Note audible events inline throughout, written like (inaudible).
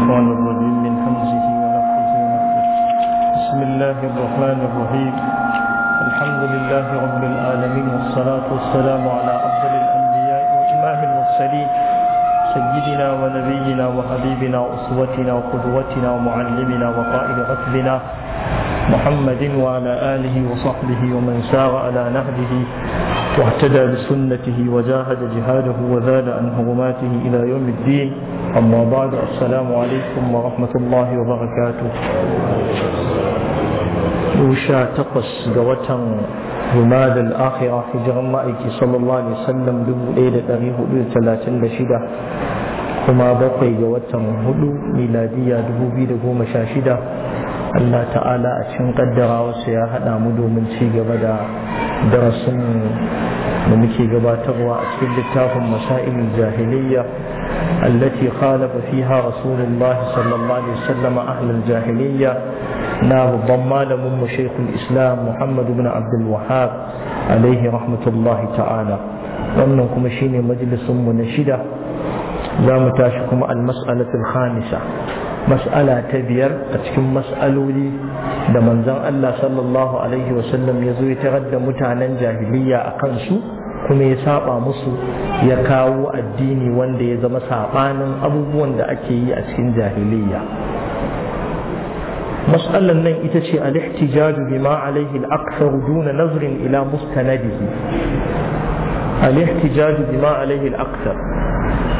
الشيطان الرجيم من همزه ونفخه ونفخه بسم الله الرحمن الرحيم الحمد لله رب العالمين والصلاة والسلام على أفضل الأنبياء وإمام المرسلين سيدنا ونبينا وحبيبنا وأسوتنا وقدوتنا ومعلمنا وقائد غفلنا محمد وعلى آله وصحبه ومن سار على نهجه واهتدى بسنته وجاهد جهاده وزاد عن هرماته إلى يوم الدين أما بعد السلام عليكم ورحمة الله وبركاته وشا تقص قوتا رماد الآخرة هجر مائك صلى الله عليه وسلم دبو ليلة أريه بثلاثين لشدة كما بقي قوتا هدو ميلادية دبو بيدبو مشاشدة Allah ta'ala a cikin kaddara wasu ya haɗa mu domin ci gaba da darasin da muke gabatarwa a cikin littafin masa'il jahiliyya التي خالف فيها رسول الله صلى الله عليه وسلم أهل الجاهلية ناب نعم، الضمال من شيخ الإسلام محمد بن عبد الوهاب عليه رحمة الله تعالى وأنه كما شيني مجلس منشدة لا متاشكم المسألة الخامسة مسألة تبير أتكم مسألولي da manzon Allah الله Alaihi wasallam ya zo ya tarar da mutanen jahiliya kuma ya saba musu ya kawo addini wanda ya zama sabanin abubuwan da ake yi a cikin jahiliya matsalar nan ita ce al-ihtijaju bima alayhi al-akthar duna nazrin ila mustanadihi al bima alayhi al-akthar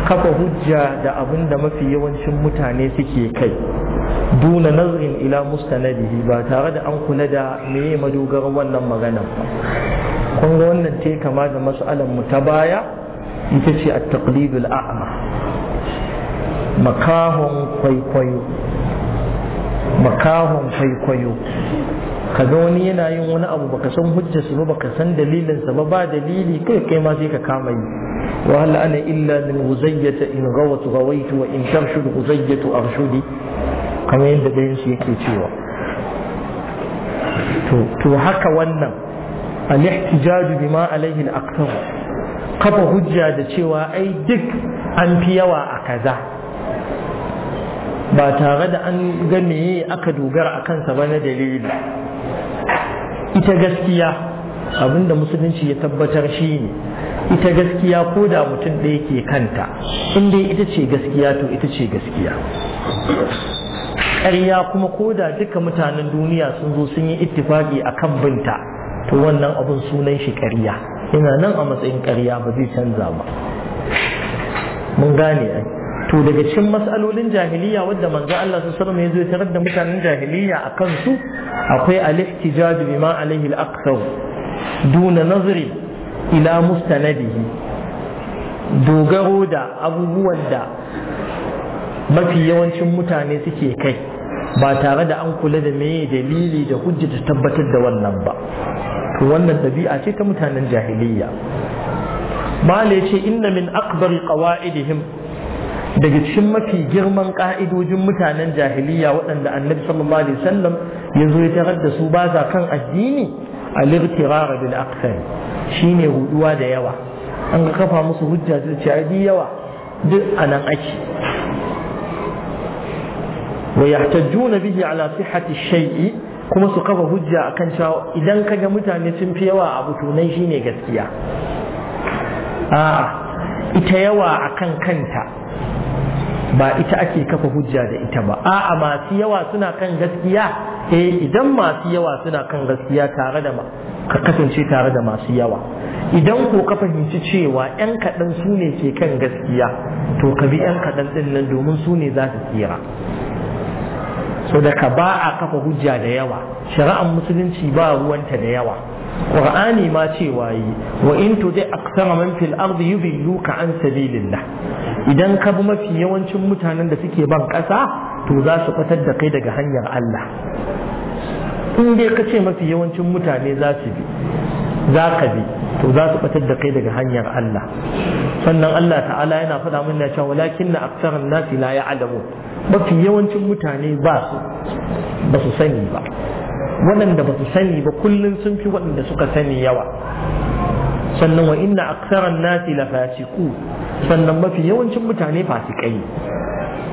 kafa hujja da abinda mafi yawancin mutane suke kai duna nazrin ila mustanadihi ba tare da an kula da meye madogar wannan maganar ba kun ga wannan ta kama da matsalar mu ta baya ita ce a taqlidul a'ma makahon kwaikwayo makahon kwaikwayo kaga wani yana yin wani abu baka san hujjarsa ba baka san dalilinsa ba ba dalili kai kai ma sai ka kama yi wa hal ana illa min huzayyata in gawat gawaitu wa in tarshud huzayyatu arshudi kamar yadda dayan shi yake cewa to to haka wannan al-ihtijaju bima alaihi al-akthar kafa hujja da cewa ai duk an fi yawa a kaza ba tare da an ga aka dogara a kansa ba na dalili ita gaskiya abinda musulunci ya tabbatar shi ne ita gaskiya ko da mutum ɗaya ke kanta in dai ita ce gaskiya to ita ce gaskiya ƙarya kuma ko da duka mutanen duniya sun zo sun yi ittifaki a kan binta to wannan abun sunan shi ƙarya ina nan a matsayin ƙarya ba zai canza ba mun gane ai to daga cikin mas'alolin jahiliya wadda manzo Allah su sallama yazo ya tarar da mutanen jahiliya a kansu akwai al-ihtijaj bima alayhi al-aqsar duna nazri ila mustanadihi dogaro da abubuwan da mafi yawancin mutane suke kai ba tare da an kula da meye dalili da hujja ta tabbatar da wannan ba to wannan ɗabi'a ce ta mutanen jahiliya mala ya ce inna min akbari qawa'idihim daga cikin mafi girman ka'idojin mutanen jahiliya waɗanda annabi sallallahu alaihi wasallam ya zo ya tarar da su ba kan addini al-irtirar bil aqsam shine huduwa da yawa an ga kafa musu hujja da ce yawa duk anan ake ويحتجون bihi على صحة الشيء kuma su kafa hujja a kan cewa idan kaga mutane sun fi yawa abu to nan shine gaskiya a'a ita yawa a kan kanta ba ita ake kafa hujja da ita ba a'a masu yawa suna kan gaskiya eh idan masu yawa suna kan gaskiya tare da ka kasance tare da masu yawa idan ko ka fahimci cewa 'yan kaɗan su ne ke kan gaskiya to ka bi 'yan kaɗan ɗin nan domin su ne za su tsira so da ka ba a kafa hujja da yawa shari'ar musulunci ba ruwanta da yawa qur'ani ma cewa yi wa in tudi aksara man fil ardi yudilluka an sabilillah idan ka bi mafi yawancin mutanen da suke ban kasa to za su fitar da kai daga hanyar Allah in dai ka ce mafi yawancin mutane za su bi za ka bi to za su batar da kai daga hanyar Allah sannan Allah ta'ala yana faɗa mana cewa walakin na aksarin nasi la alamu mafi yawancin mutane ba su ba su sani ba waɗanda ba su sani ba kullum sun fi waɗanda suka sani yawa sannan wa inna aksaran nasi la fasiku sannan mafi yawancin mutane fasikai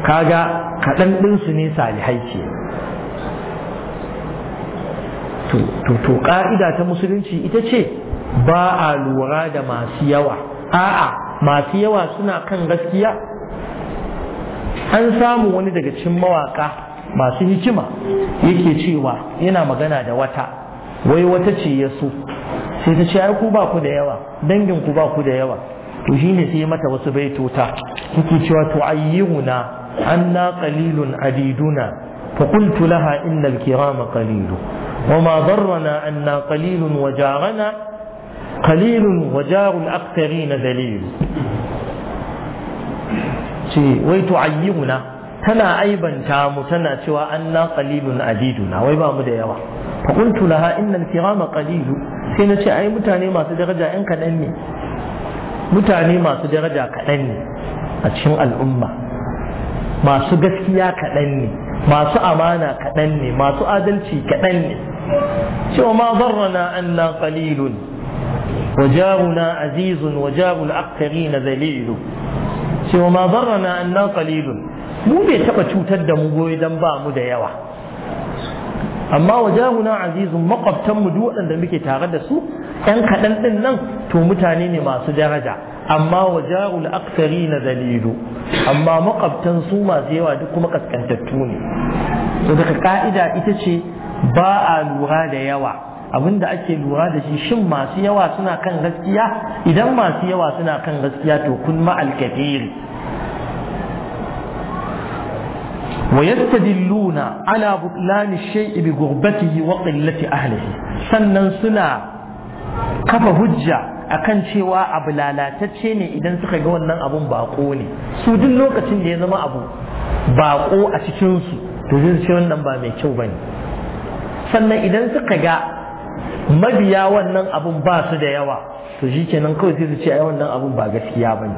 kaga kaɗan ɗinsu ne salihai ce to ka'ida ta musulunci ita ce ba a lura da masu yawa a'a masu yawa suna kan gaskiya an samu wani daga cikin mawaka masu hikima yake cewa yana magana da wata wai wata ce ya so sai ta ce ku ba ku da yawa dangin ku ba ku da yawa to shine sai mata wasu baitota kuke cewa to ayyuna anna qalilun adiduna فقلت لها إن الكرام قليل وما ضرنا أن قليل وجارنا قليل وجار الأكثرين ذليل ويتعيرنا تنا أيضا كام تنا سوى أن قليل عديدنا ويبا مديرا فقلت لها إن الكرام قليل سينتي أي متاني ما تدرجا إن كان أني mutane masu daraja kaɗan ne a cikin al'umma كأني masu amana kaɗan ne masu adalci kaɗan ne cewa ma zarrana anna qalilun wa jaruna azizun wa jarul na zalilu cewa ma zarrana anna qalilun mu bai taɓa cutar da mu goyi don ba mu da yawa amma wajahuna azizun makwabtan mu duk waɗanda muke tare da su ƴan kaɗan ɗin nan to mutane ne masu daraja amma wajahul aksari na dalilu amma makwabtan su masu yawa duk kuma kaskantattu ne to daga ka'ida ita ce ba a lura da yawa abinda ake lura da shi shin masu yawa suna kan gaskiya idan masu yawa suna kan gaskiya to kun ma alkafiri ويستدلون على بطلان الشيء بغربته وقلة أهله sannan suna kafa hujja akan cewa abu lalatacce ne idan suka ga wannan abun bako ne su duk lokacin da ya zama abu bako a cikinsu to zai ce wannan ba mai kyau bane sannan idan suka ga mabiya wannan abun ba su da yawa to shi kenan kawai sai su ce ai wannan abun ba gaskiya bane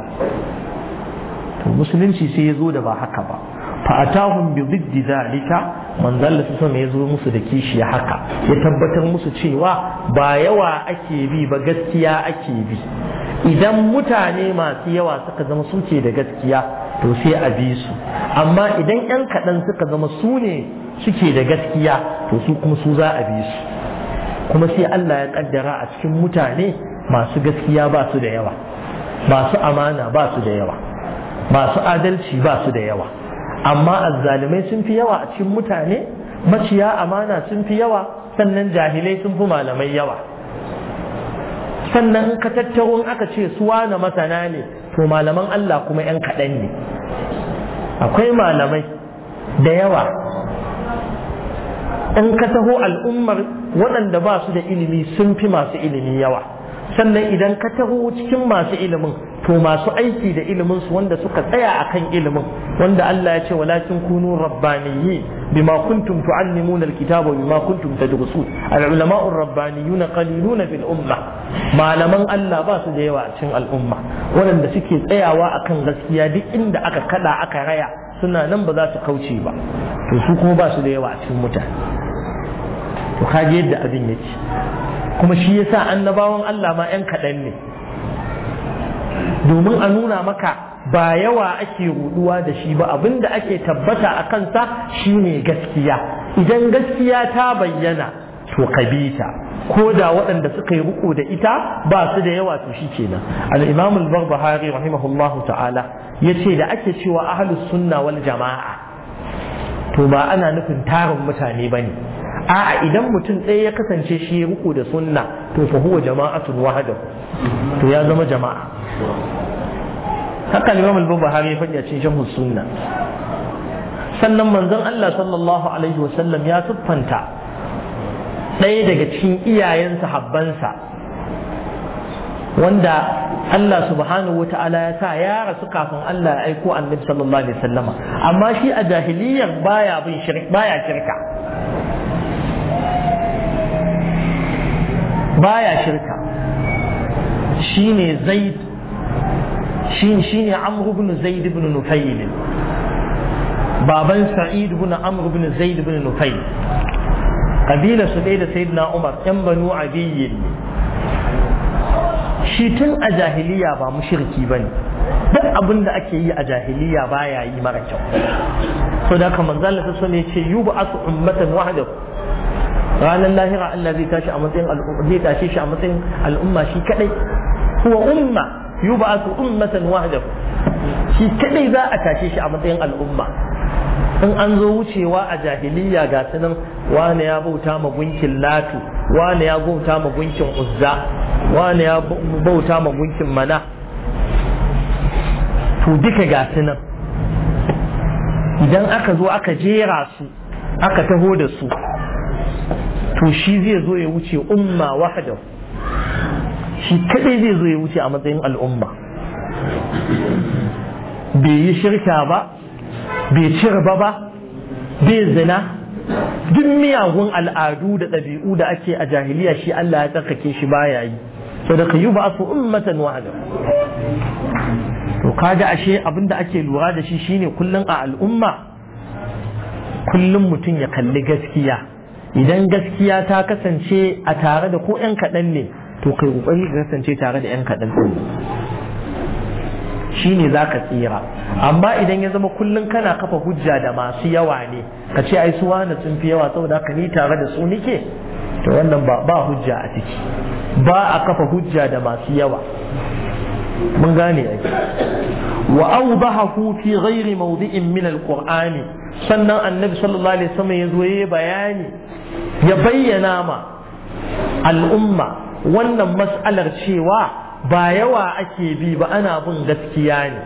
to musulunci sai ya zo da ba haka ba fa atahum bi zalika manzon su sama ya zo musu da kishi ya haka ya tabbatar musu cewa ba yawa ake bi ba gaskiya ake bi idan mutane masu yawa suka zama suke da gaskiya to sai a bi su amma idan 'yan kaɗan suka zama su ne suke da gaskiya to su kuma su za a bi su kuma sai Allah ya kaddara a cikin mutane masu gaskiya ba su da yawa masu amana ba su da yawa masu adalci ba su da yawa amma azzalimai sun fi yawa a cikin mutane maciya amana sun fi yawa sannan jahilai sun fi malamai yawa sannan ka tattaro aka ce suwa na masana ne to malaman Allah kuma 'yan kaɗan ne akwai malamai da yawa in ka taho al'ummar waɗanda ba su da ilimi sun fi masu ilimi yawa sannan idan ka taho cikin masu ilimin to masu aiki da ilimin su wanda suka tsaya akan ilimin wanda Allah ya ce walakin kunu rabbaniyyi bima kuntum tuallimuna alkitaba bima kuntum tadrusun alulama arrabbaniyuna qaliluna fil umma malaman Allah ba su da yawa a cikin al'umma waɗanda suke tsayawa akan gaskiya duk inda aka kada aka raya suna nan ba za su kauce ba to su kuma ba su da yawa a cikin mutane to kaje yadda abin yake kuma shi yasa annabawan Allah ma 'yan kaɗan ne domin a nuna maka ba yawa ake ruduwa da shi ba abin da ake tabbata a kansa shine gaskiya idan gaskiya ta bayyana to kabita ko da waɗanda suka yi riko da ita ba su da yawa to shi kenan al-imam al-barbahari rahimahullah ta'ala ya ce da ake cewa ahlus sunna wal jama'a to ba ana nufin tarin mutane bane a'a idan mutum ɗaya ya kasance shi ya riko da sunna to fa huwa jama'atun wahada to ya zama jama'a haka Imam al-Bukhari ya faɗi a cikin Sharh Sunna sannan manzon Allah sallallahu alaihi wasallam ya tuffanta ɗaya daga cikin iyayen sahabbansa wanda Allah subhanahu wa ta'ala ya sa ya rasu kafin Allah ya aiko annabi sallallahu alaihi wasallama amma shi a jahiliyar baya bin shirka baya shirka baya shirka shine zaid shin shine amr ibn zaid ibn nufayl baban sa'id ibn amr ibn zaid ibn nufayl kabila su da sayyidina umar yan banu abiyyin shi tun a jahiliya ba mushriki bane duk abin da ake yi a jahiliya baya yi mara kyau to da kamar zalla ta so ne ce yubu asu ummatan wahdahu ranar lahira Allah zai tashi a matsayin zai tashi shi a matsayin al'umma shi kadai huwa umma yub'athu ummatan wahdahu shi kadai za a tashe shi a matsayin al'umma in an zo wucewa a jahiliya ga sanan wani ya bauta ma gunkin latu wani ya bauta ma gunkin uzza wani ya bauta ma gunkin mana to duka ga sanan idan aka zo aka jera su aka taho da su to shi zai zo ya wuce umma wahda shi kadai zai zo ya wuce a matsayin al'umma bai yi shirka ba bai ci ba ba bai zina duk miyagun al'adu da ɗabi'u da ake a jahiliya shi Allah ya tsarkake shi baya yi sadaka yi ba su ummatan wahda to kaga ashe abinda ake lura da shi shine kullum a al'umma kullum mutum ya kalli gaskiya idan gaskiya ta kasance a tare da ko 'yan kaɗan ne to kai ƙoƙari ka kasance tare da 'yan kaɗan ɗin shi ne za ka tsira amma idan ya zama kullum kana kafa hujja da masu yawa ne ka ce ai suwa na sun fi yawa saboda haka ni tare da su nike to wannan ba hujja a ciki ba a kafa hujja da masu yawa mun gane ake wa awdahu fi ghairi mawdi'in minal al sannan annabi sallallahu alaihi wasallam ya zo yayi bayani ya bayyana ma al'umma wannan mas'alar cewa ba yawa ake bi ba ana bin gaskiya ne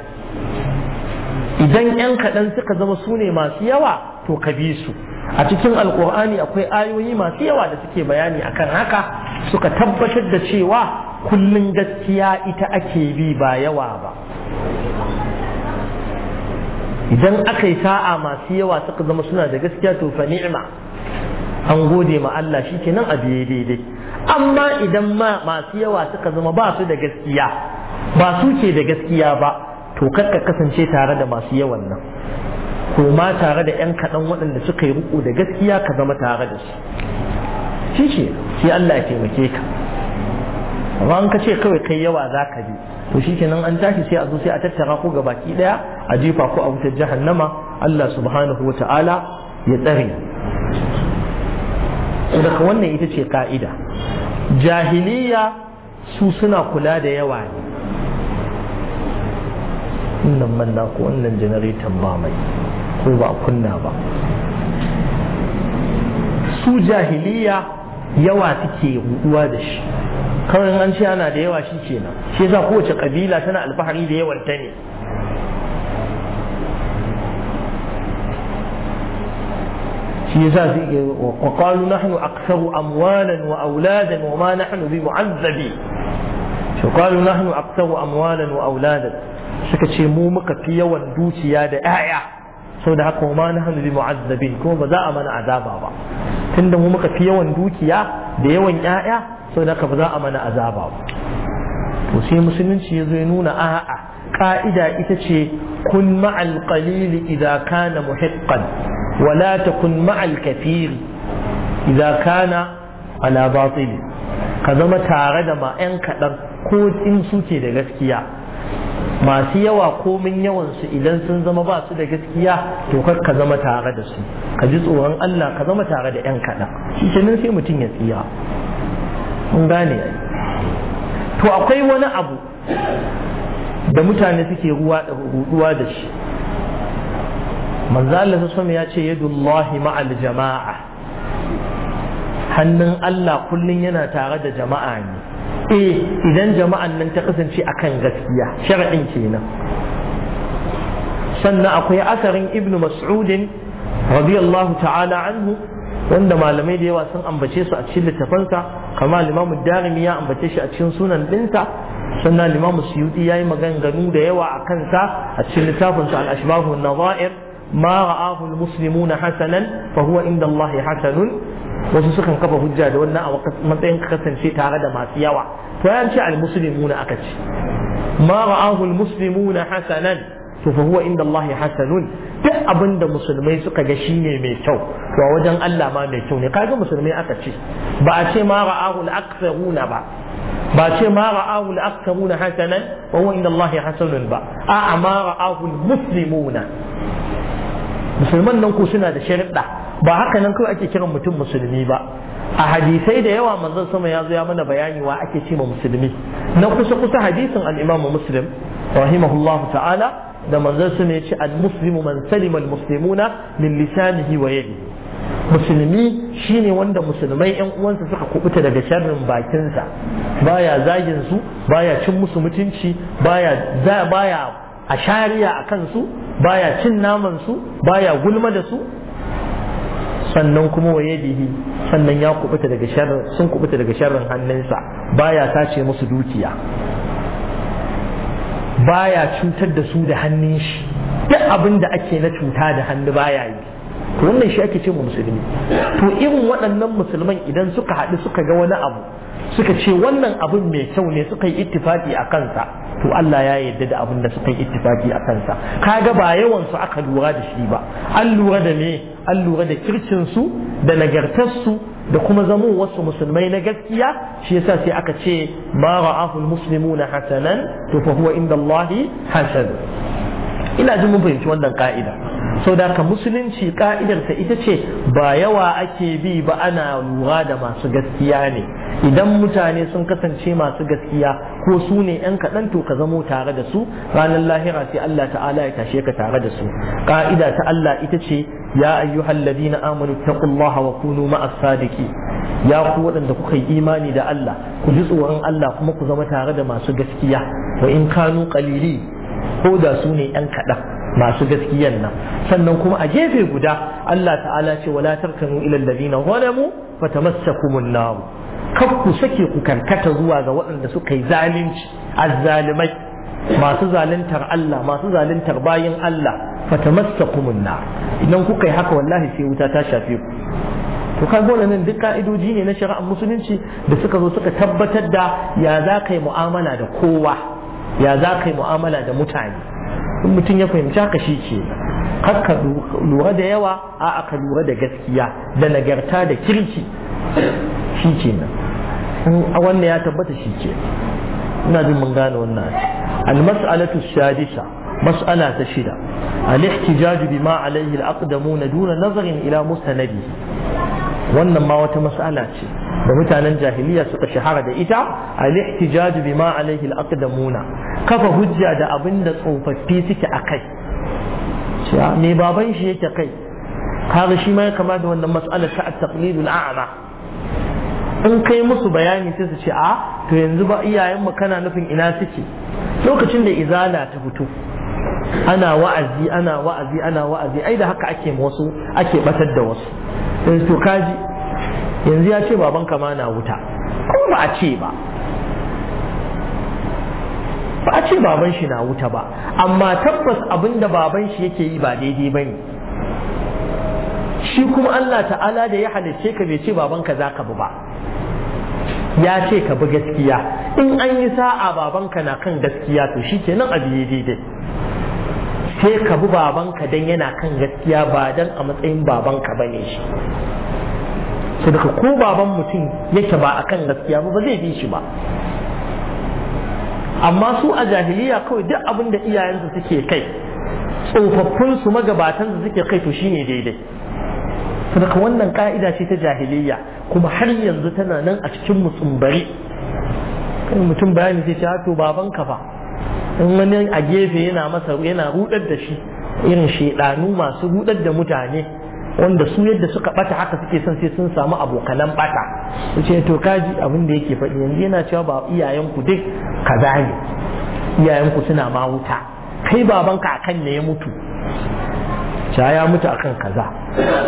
idan 'yan kaɗan suka zama su ne masu yawa to ka bi su a cikin alkur'ani akwai ayoyi masu yawa da suke bayani akan haka suka tabbatar da cewa kullum gaskiya ita ake bi ba yawa ba idan aka yi sa'a masu yawa suka zama suna da gaskiya to fa ni'ima an gode ma Allah shi kenan a biye daidai amma idan ma masu yawa suka zama ba su da gaskiya ba su ke da gaskiya ba to ka kasance tare da masu yawan nan ko ma tare da 'yan kaɗan waɗanda suka yi riko da gaskiya ka zama tare da su shi ce sai Allah ya taimake ka amma an ka ce kawai kai yawa za ka bi to shi kenan an tashi sai a zo sai a tattara ku baki ɗaya a jefa ko a wutar jahannama Allah subhanahu wa ta'ala ya tsare daga wannan ita ce ka'ida jahiliya su suna kula da yawa ne wannan manna ko wannan janaraitan ba mai ko ba kunna ba su jahiliya yawa suke ruduwa da shi kawai an ce ana da yawa shi kenan shi yasa kowace kabila tana alfahari da yawan ta ne shi yasa sai wa qalu nahnu aktharu amwalan wa auladan wa ma nahnu bi mu'azzabi to qalu nahnu aktharu amwalan wa auladan suka ce mu muka fi yawan dukiya da sau da haka ma nahnu bi mu'azzabin kuma ba za a mana azaba ba tunda mu muka fi yawan dukiya da yawan sau da haka ba za a mana azaba ba to sai musulunci ya zo ya nuna a'a ka'ida ita ce kun ma'al qalili idza kana muhiqqan ولا تكن مع الكثير إذا كان على باطل كذا كذما تارد ما أنك كود إن سوتي لغسكيا ما سيوا قومين يوانس إذن سنزم باس لغسكيا توقف كذما تارد سو كجزء عن الله كذا كذما تارد أنك شيشنن سيمتين يسيا ngane to akwai wani abu da mutane suke ruwa da shi manzo Allah ya ce yadullahi ma'al jama'a hannun Allah kullum yana tare da jama'a ne eh idan jama'an nan ta kasance akan gaskiya shar'in kenan sannan akwai asarin ibnu mas'udin radiyallahu ta'ala anhu wanda malamai da yawa sun ambace su a cikin littafansa kama limamu darimi ya ambace shi a cikin sunan ɗinsa sannan limam suyuti ya yi maganganu da yawa a kansa a cikin littafinsa al-ashbahu nazair ma ra'ahu almuslimuna hasanan fa huwa inda Allah hasanun wasu sukan kafa hujja da wannan a matsayin ka kasance tare da masu yawa to ya ce almuslimuna aka ce ma ra'ahu almuslimuna hasanan to fa huwa inda Allah hasanun duk abinda musulmai suka ga shine mai kyau to a wajen Allah ma mai kyau ne kaga musulmai aka ce ba a ce ma ra'ahu al-aktharuna ba ba ce ma ra'ahu al-aktharuna hasanan wa huwa inda Allah hasanun ba a'a ma ra'ahu al-muslimuna musulman nan suna da sharuɗa ba haka nan kawai ake kiran mutum musulmi ba a hadisai da yawa manzon sama ya zo ya mana bayani wa ake ce ma musulmi na kusa kusa hadisin al-imamu muslim rahimahullahu ta'ala da manzon sama ya ce al-muslimu man salima al-muslimuna min lisanihi wa yadi. musulmi shine wanda musulmai yan uwansa suka kubuta daga sharrin bakinsa baya zagin su baya cin musu mutunci baya baya a shari'a a kansu baya cin naman su baya gulma da su sannan kuma waye bihi sannan ya kubuta daga sharrin sun kubuta daga sharrin hannunsa baya tace musu dukiya baya cutar da su da hannun shi duk abin da ake na cuta da hannu baya yi wannan shi ake ce mu musulmi to irin waɗannan musulman idan suka haɗu suka ga wani abu suka ce wannan abun mai kyau ne suka yi ittifaki a kansa to Allah ya yarda da abin da suka yi ittifaki a kansa kaga ba yawan su aka lura da shi ba an lura da me an lura da kircin su da nagartar su da kuma zamo wasu musulmai na gaskiya shi yasa sai aka ce ma ra'ahu almuslimuna hasanan to fa huwa inda Allah hasan ina jin mun fahimci wannan ka'ida sau da ka musulunci ka'idarta ita ce ba yawa ake bi ba ana lura da masu gaskiya ne idan mutane sun kasance masu gaskiya ko su ne yan kaɗan to ka zamo tare da su ranar lahira sai Allah ta'ala ya tashe ka tare da su ka'ida ta Allah ita ce ya ayyuhal ladina amanu taqullaha wa kunu ma'as sadiqi ya ku waɗanda kuka yi imani da Allah ku ji tsoron Allah kuma ku zama tare da masu gaskiya wa in kanu qalili ko da su ne yan kaɗan masu gaskiyan nan sannan kuma a gefe guda Allah ta'ala ce wala tarkanu ila alladhina zalamu fatamassakumun nar kar ku sake ku karkata zuwa ga waɗanda suka yi zalunci azzalimai masu zaluntar Allah masu zaluntar bayin Allah fatamassakumun nar idan kuka yi haka wallahi sai wuta ta shafe ku to kai dole nan duk ka'idoji ne na shari'ar musulunci da suka zo suka tabbatar da ya za ka yi mu'amala da kowa ya za ka yi mu'amala da mutane in mutum ya fahimci haka shi ke ka lura da yawa a aka lura da gaskiya da nagarta da kirki shi ke nan a wannan ya tabbata shi ke ina jin mun gane wannan al-mas'alatu sadisa mas'ala ta shida al-ihtijaj bima alayhi al-aqdamuna duna nazarin ila musnadihi wannan ma wata mas'ala ce da mutanen jahiliya suka shahara da ita a ihtijaj bima alayhi al-aqdamuna kafa hujja da abin da tsofaffi suke akai cewa me baban shi yake kai kaga shi ma ya kama da wannan mas'alar ta at-taqlidul a'ma in kai musu bayani sai su ce a to yanzu ba iyayen mu kana nufin ina suke lokacin da izala ta fito ana wa'azi ana wa'azi ana wa'azi ai da haka ake wasu ake batar da wasu in to kaji yanzu ya ce baban kama na wuta ko ba a ce ba ba a ce baban shi na wuta ba amma tabbas abin da baban shi yake yi ba daidai ba ne shi kuma Allah ta'ala da ya halicce ka bai ce babanka za ka bi ba ya ce ka bi gaskiya in an yi sa'a babanka na kan gaskiya to shi kenan abu daidai sai ka bi babanka dan yana kan gaskiya ba dan a matsayin babanka bane shi su daga ko baban mutum yake ba a kan gaskiya ba ba zai bi shi ba amma su a jahiliya kawai duk abin da iyayensu suke kai tsofaffinsu su suke kai to shine daidai daga wannan ka'ida ce ta jahiliya kuma har yanzu tana nan a cikin mutum bari kan mutum bayani zai ce ah, to babanka ba. in wani a gefe yana masa yana rudar da shi irin shedanu masu rudar da mutane wanda su yadda suka bata haka suke son sai sun samu abokanan bata sai to kaji abin da yake faɗi yanzu yana cewa ba iyayenku duk kaza ne iyayenku suna ma wuta kai babanka akan ne ya mutu ca ya mutu akan kaza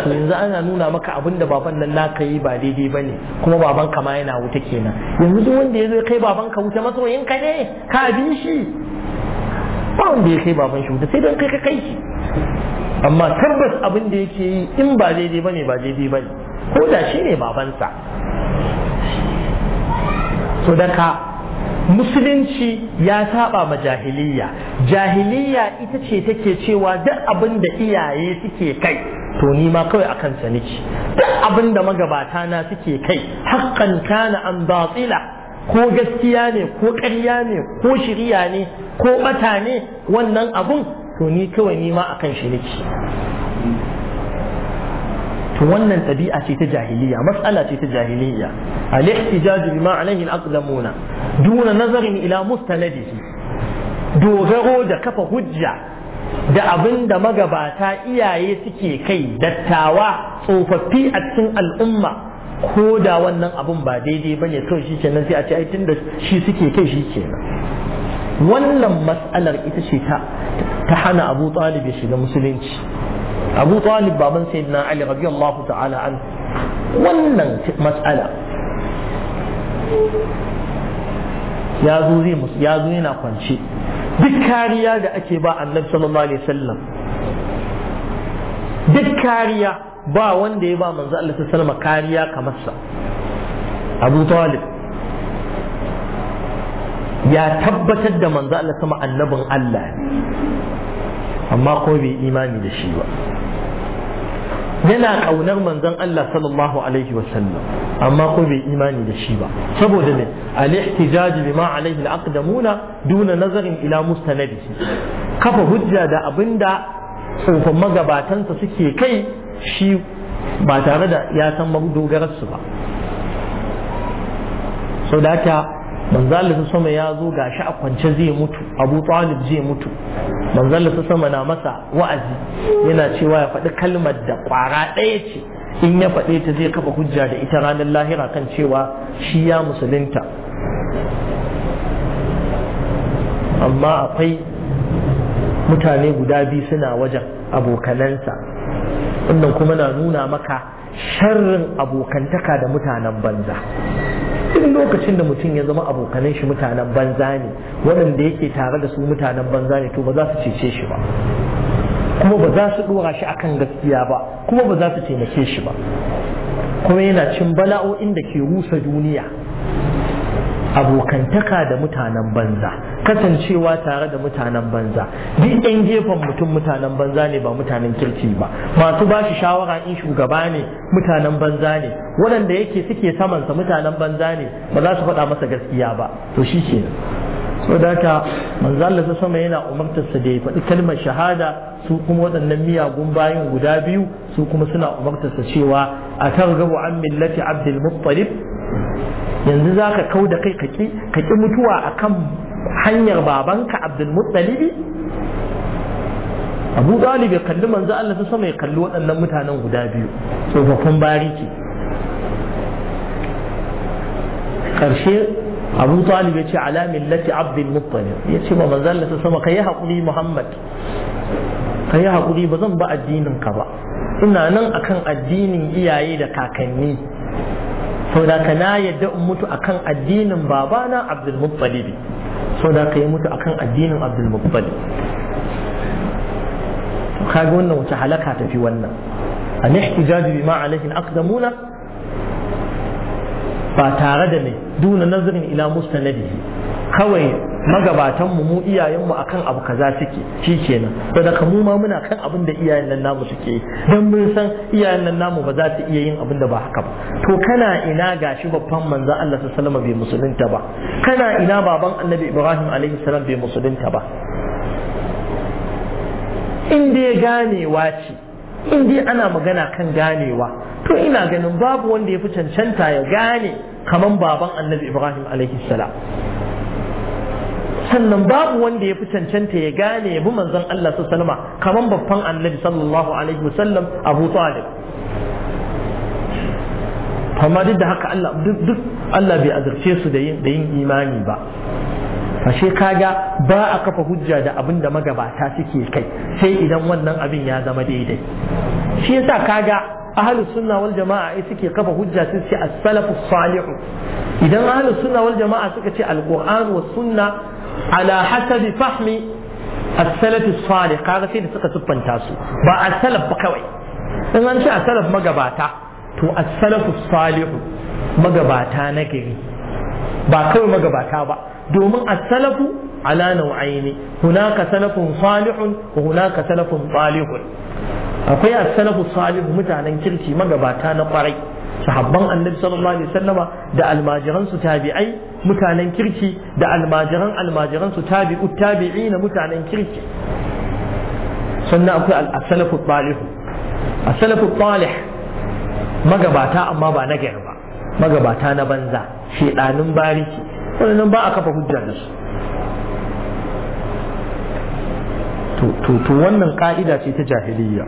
to yanzu ana nuna maka abin da baban nan naka yi ba daidai bane kuma baban ka ma yana wuta kenan yanzu duk wanda ya zo kai baban ka wuta masoyin ka ne ka bi shi ba wanda ya kai baban shi wuta sai don kai ka kai shi amma tabbas abin da yake yi in ba daidai bane ba daidai bane ko da shi ne babansa to da ka musulunci ya saba ma jahiliya jahiliya ita ce take cewa duk abin da iyaye suke kai to ni ma kawai akan ta nake duk abin da magabata na suke kai haqqan kana an batila ko gaskiya ne ko ƙarya ne ko shiriya ne ko bata ne wannan abun to ni kawai ni ma akan shi nake to wannan ɗabi'a ce ta jahiliya mas'ala ce ta jahiliya al-ihtijaj bima alayhi aqdamuna duna nazarin ila mustanadihi dogaro da kafa hujja da abin da magabata iyaye suke kai dattawa tsofaffi a cikin al'umma ko da wannan abun ba daidai ba ne kawai shi kenan sai a ce ai tunda shi suke kai shi kenan wannan matsalar ita ce ta hana abu talib ya shiga musulunci abu talib baban sayyidina ali radiyallahu ta'ala an wannan matsala ya zo zai ya zo yana kwance duk kariya da ake ba annabi sallallahu alaihi wasallam duk kariya ba wanda ya ba manzo Allah sallama kariya kamar sa Abu Talib ya tabbatar da manzo Allah sama annabin Allah amma ko bai imani da shi ba yana ƙaunar manzon Allah sallallahu alaihi wasallam amma ko bai imani da shi ba saboda ne al-ihtijaj bima alaihi al-aqdamuna duna nazarin ila mustanadihi kafa hujja da abinda tsofin magabatansa suke kai shi ba tare da ya san madogararsu ba sau da haka manzo Allah sama ya zo gashi a kwance zai mutu Abu Talib zai mutu manzo Allah sama na masa wa'azi yana cewa ya faɗi kalmar da ƙwara ɗaya ce in ya faɗe ta zai kafa hujja da ita ranar lahira kan cewa shi ya musulunta amma akwai mutane guda biyu suna wajen abokanansa wannan kuma na nuna maka sharrin abokantaka da mutanen banza duk lokacin da mutum ya zama abokanan shi mutanen banza ne waɗanda yake tare da su mutanen banza ne to ba za su cece shi ba kuma ba za su ɗora shi akan gaskiya ba kuma ba za su taimake shi ba kuma yana cin bala'o'in da ke rusa duniya abokantaka da mutanen banza kasancewa tare da mutanen banza duk yan gefen mutum mutanen banza ne ba mutanen kirki ba masu ba shi shawara in shugaba ne mutanen banza ne waɗanda yake suke samansa mutanen banza ne ba za su faɗa masa gaskiya ba to shi ke saboda haka manzo ta sama yana umartarsa da ya faɗi kalmar shahada su kuma waɗannan miyagun bayan guda biyu su kuma suna umartarsa cewa a kan gabu an millati abdul muttalib yanzu za ka kau da kai ka ƙi mutuwa a kan hanyar babanka abdulmuttalibi abu galib ya kalli manzo Allah ta sama ya kalli waɗannan mutanen guda biyu tsofaffin bariki ƙarshe abu talib ya ce alamin millati abdulmuttalib ya ce ma manzo Allah ta sama ka yi haƙuri muhammad ka yi haƙuri ba zan ba addinin ka ba ina nan akan addinin iyaye da kakanni saboda ka na yadda in mutu akan addinin babana Abdul Muttalib saboda ka yi mutu akan addinin Abdul Muttalib kaga wannan wace halaka tafi wannan an ihtijaju bima alaihi aqdamuna ba tare da ne duna nazarin ila mustanadihi kawai magabatanmu mu iyayenmu iyayen mu akan abu kaza suke to da mu ma muna kan abin da iyayen nan namu suke dan mun san iyayen nan namu ba za su iya yin abin da ba haka ba to kana ina gashi babban manzo Allah sallallahu alaihi bai ba kana ina baban Annabi Ibrahim alaihi salam bai musulunta ba in dai ganewa ce in dai ana magana kan ganewa to ina ganin babu wanda ya fi cancanta ya gane kaman baban annabi ibrahim alaihi salam sannan babu wanda ya fi cancanta ya gane ya bi manzon Allah su salama kamar babban annabi sallallahu alaihi wasallam Abu Talib amma duk da haka Allah duk Allah bai azurce su da yin imani ba ka kaga ba a kafa hujja da abin da magabata suke kai sai idan wannan abin ya zama daidai shi yasa kaga ahlu sunna wal jama'a ai suke kafa hujja sun ce as-salafu salihu idan ahlu sunna wal jama'a suka ce al-qur'an was sunna ala hasabi fahmi as-salaf as da suka siffanta su ba as-salaf ba kawai in an ce as to as-salaf as-salih magabata na ba kawai magabata ba domin as-salafu ala nau'aini hunaka salafun salihun wa hunaka salafun salihun akwai as-salafu mutanen kirki magabata na kwarai sahabban annabi sallallahu alaihi wasallama da almajiran su tabi'ai mutanen kirki da almajiran almajiran su tabi'u tabi'ina mutanen kirki sannan akwai al-salafu salih as-salafu salih magabata amma ba na gari ba magabata na banza shedanin bariki wannan ba a kafa hujja da su to to wannan ka'ida ce ta jahiliyya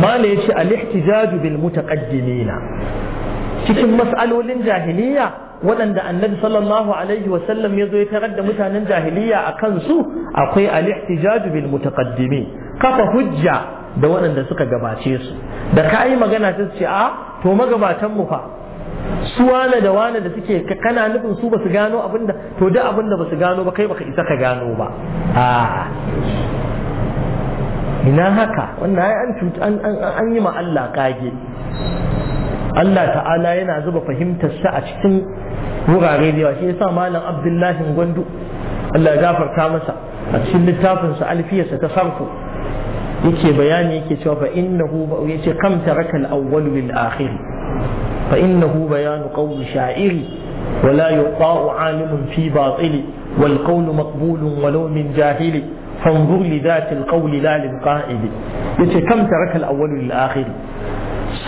mala ce al-ihtijaj bil mutaqaddimina cikin mas'alolin jahiliya waɗanda annabi sallallahu alaihi wasallam ya zo ya tarar da mutanen jahiliya a kansu akwai al-ihtijaj bil mutaqaddimi kafa hujja da waɗanda suka gabace su da ka yi magana ta ce a to magabatan mu fa su wane da wane da suke kana nufin su basu gano abinda to da abinda basu gano ba kai baka isa ka gano ba a ina haka wannan an yi ma Allah kage Allah ta'ala yana zuba fahimtarsa a cikin wurare da yawa shi yasa malam Abdullahi Gwandu Allah ya gafarta masa a cikin littafinsa alfiyarsa ta sarfu yake bayani yake cewa fa innahu yace kam taraka al-awwal lil akhir fa innahu bayanu qawl sha'iri wa la yuqa'u 'alimun fi batili wal qawl maqbulun walau min jahili فانظر لذات القول لا للقائد yace kam taraka al-awwal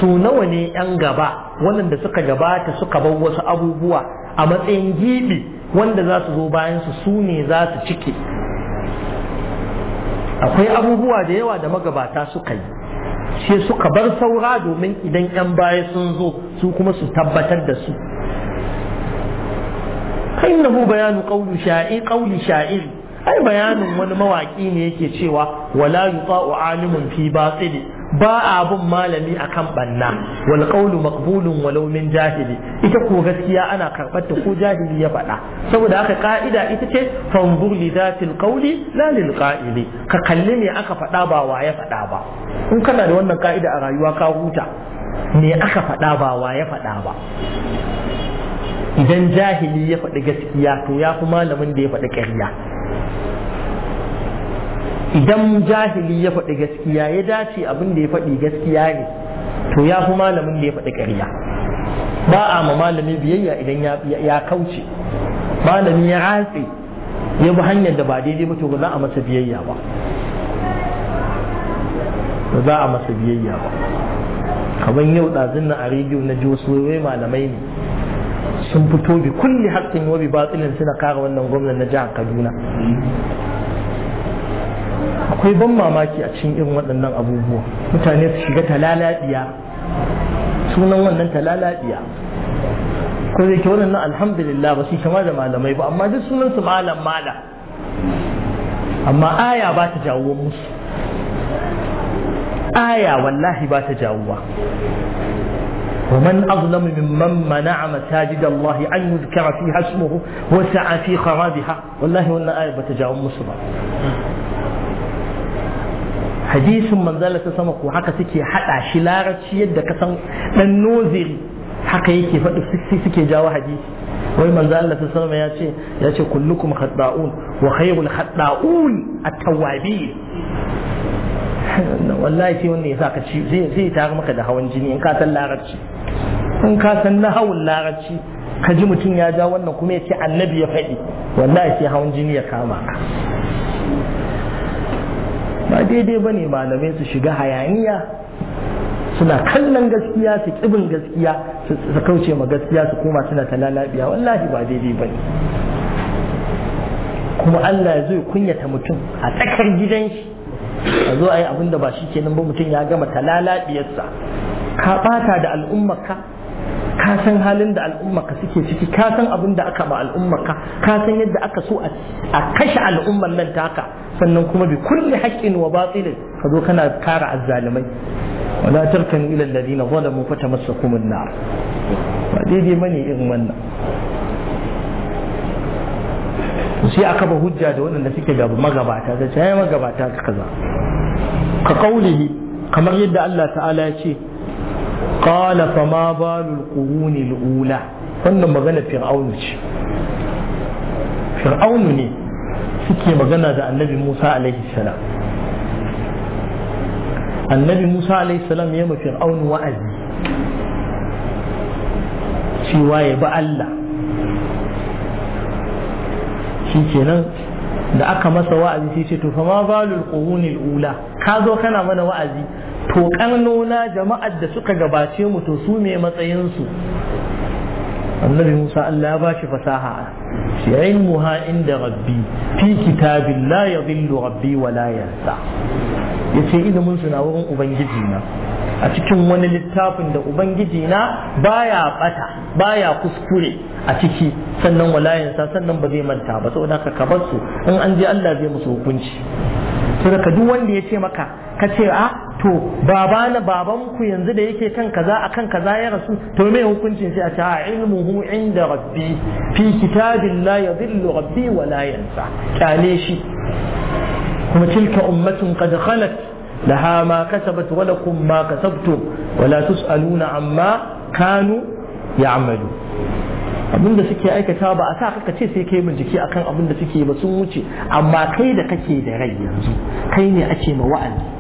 su nawa ne yan gaba waɗanda suka gabata suka bar wasu abubuwa a matsayin gibi wanda za su zo bayan su su ne za su cike akwai abubuwa da yawa da magabata suka yi sai suka bar saura domin idan yan baya sun zo su kuma su tabbatar da su فإنه بيان قول شاعر قول ai bayanin wani mawaki ne yake cewa wala yuta'u alimun fi batil ba abun malami akan banna wal qawlu maqbulun walau min jahili ita ko gaskiya ana karbar ta ko jahili ya faɗa saboda haka ka'ida ita ce fanzur li zatil qawli la lil qa'ili ka kalli me aka faɗa ba wa ya faɗa ba in kana da wannan ka'ida a rayuwa ka huta me aka faɗa ba wa ya faɗa ba idan jahili ya faɗi gaskiya to ya fi malamin da ya faɗi ƙarya idan jahili ya faɗi gaskiya ya dace abin da ya faɗi gaskiya ne to ya fi malamin da ya faɗi ƙarya ba a ma malami biyayya idan ya kauce malami ya ratse ya bi hanyar da ba daidai ba to ba za a masa biyayya ba za a masa biyayya ba kamar yau ɗazun na a rediyo na josuwai malamai ne sun fito bi kulli haƙƙin wa bi batilin suna kare wannan gwamnan na jihar Kaduna akwai ban mamaki a cikin irin waɗannan abubuwa mutane su shiga talalaɗiya sunan wannan talalaɗiya ko zai ke wannan alhamdulillah ba su kama da malamai ba amma duk sunan su malam malam amma aya ba ta jawo musu aya wallahi ba ta jawowa ومن أظلم ممن منع مساجد الله أن يذكر فيها اسمه وسعى في خرابها والله إن آية بتجاوب مصر حديث من ذلك سمك وحكى سكي حتى شلارة شيدة من نوزل حكى يكي فتسكي سكي جاوى حديث ومن من ذلك سمك ياتي ياتي كلكم خطاؤون وخير الخطاؤون التوابين (laughs) والله شيء وني ساقط شيء زي زي تعرف ما كده هون جيني إن كاتل لارتشي in ka san na nahawun larabci ka ji mutum ya ja wannan kuma ya ce annabi ya faɗi wallahi sai hawan jini ya kama ka ba daidai ba ne malamai su shiga hayaniya suna kallon gaskiya su ƙibin gaskiya su kauce ma gaskiya su koma suna ta lalabiya wallahi ba daidai ba ne kuma Allah ya zo ya kunyata mutum a tsakar gidan shi a zo a yi abin ba shi ke nan ba mutum ya gama ta lalabiyarsa ka bata da al'ummarka ka san halin da al'ummarka suke ciki ka san abin da aka ba al'ummarka ka san yadda aka so a kashe al'ummar nan taka sannan kuma bi kulli haqqin wa batilin ka zo kana kara azzalimai wala tarkan ila alladhina zalamu fatamassakum an-nar ba daidai bane irin wannan sai aka ba hujja da waɗanda suke gaba magabata da ce magabata kaza ka kaulihi kamar yadda Allah ta'ala ya ce qala fa ma balul quruni wannan magana fir'aunu ce fir'aunu ne suke magana da annabi Musa alaihi salam annabi Musa alaihi salam ya ma fir'aunu wa'azi cewa ya ba Allah shi kenan da aka masa wa'azi sai ce to fama ma balul quruni alula ka zo kana mana wa'azi to karnona jama'ar da suka gabace mu to su me matsayinsu annabi musa allah ya bashi fasaha shi muha inda rabbi fi kitabin ya yadhillu rabbi wa yansa yace ilimin su na wurin ubangiji na a cikin wani littafin da ubangiji na baya bata baya kuskure a ciki sannan yansa sannan ba zai manta ba saboda ka kabar su in an je Allah zai musu hukunci ka duk wanda ya ce maka ka ce a ah, to baba na baban ku yanzu da yake kan kaza akan kaza ya rasu to me hukuncin sai a ta a ilmuhu inda rabbi fi kitabillah yadhillu rabbi wa la yansa kyale shi kuma tilka ummatun qad khalat laha ma kasabat wa lakum ma kasabtum wa la tusaluna amma kanu ya'malu abin da suke aikata ba a sa ka ce sai kai jiki akan abin da suke ba sun wuce amma kai da kake da rai yanzu kai ne ake ma wa'azi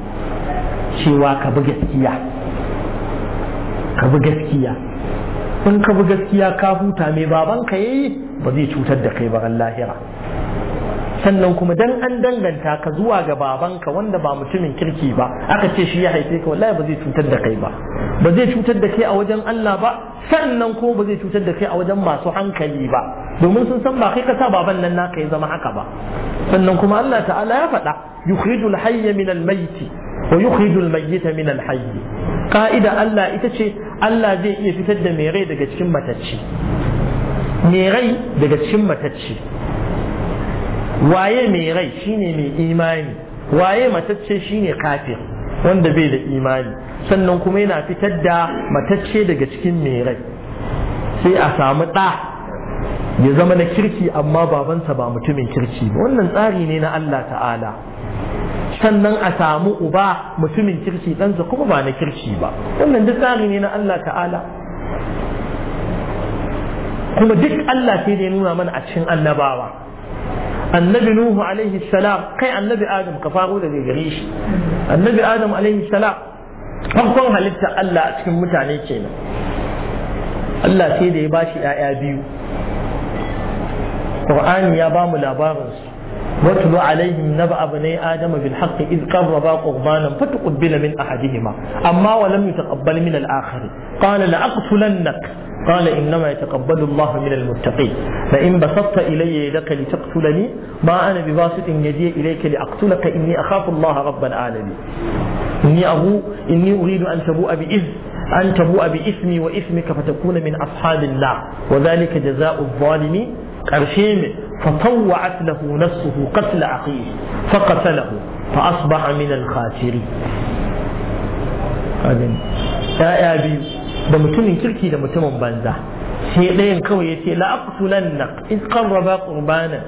cewa ka bi gaskiya ka bi gaskiya in ka bi gaskiya ka huta mai babanka yayi ba zai cutar da kai ba ran lahira sannan kuma dan an danganta ka zuwa ga babanka wanda ba mutumin kirki ba aka ce shi ya haife ka wallahi ba zai cutar da kai ba ba zai cutar da kai a wajen Allah ba sannan kuma ba zai cutar da kai a wajen masu hankali ba domin sun san ba kai ka sa baban nan naka ya zama haka ba sannan kuma Allah ta'ala ya faɗa yukhrijul hayya min mayti wa yukhrijul mayyita min al ka'ida Allah ita ce Allah zai iya fitar da mai rai daga cikin matacce mai rai daga cikin matacce waye mai rai shine mai imani waye matacce shine kafir wanda bai da imani sannan kuma yana fitar da matacce daga cikin mai rai sai a samu ɗa ya zama na kirki amma babansa ba mutumin kirki ba wannan tsari ne na Allah ta'ala sannan a samu uba mutumin kirki ɗansa kuma ba na kirki ba wannan duk tsari ne na Allah ta'ala kuma duk Allah sai dai nuna mana a cikin annabawa annabi nuhu alaihi salam kai annabi adam ka faro daga gare shi annabi adam alaihi salam farkon halitta Allah a cikin mutane kenan Allah sai da ya bashi 'ya'ya biyu Qur'ani ya bamu labarinsu واتل عليهم نبأ بني آدم بالحق إذ قربا قربانا فتقبل من أحدهما أما ولم يتقبل من الآخر قال لأقتلنك قال إنما يتقبل الله من المتقين فإن بسطت إلي يدك لتقتلني ما أنا بباسط يدي إليك لأقتلك إني أخاف الله رب العالمين إني أبو إني أريد أن تبوء بإذن أن تبوء بإثمي وإثمك فتكون من أصحاب النار وذلك جزاء الظالمين ƙarshe ne fa tawwa'at lahu nafsuhu qatl akhihi fa qatalahu fa asbaha min al-khasiri abin ya'ya biyu da mutumin kirki da mutumin banza sai ɗayan kawai yace la aqtulanna iz qarraba qurbana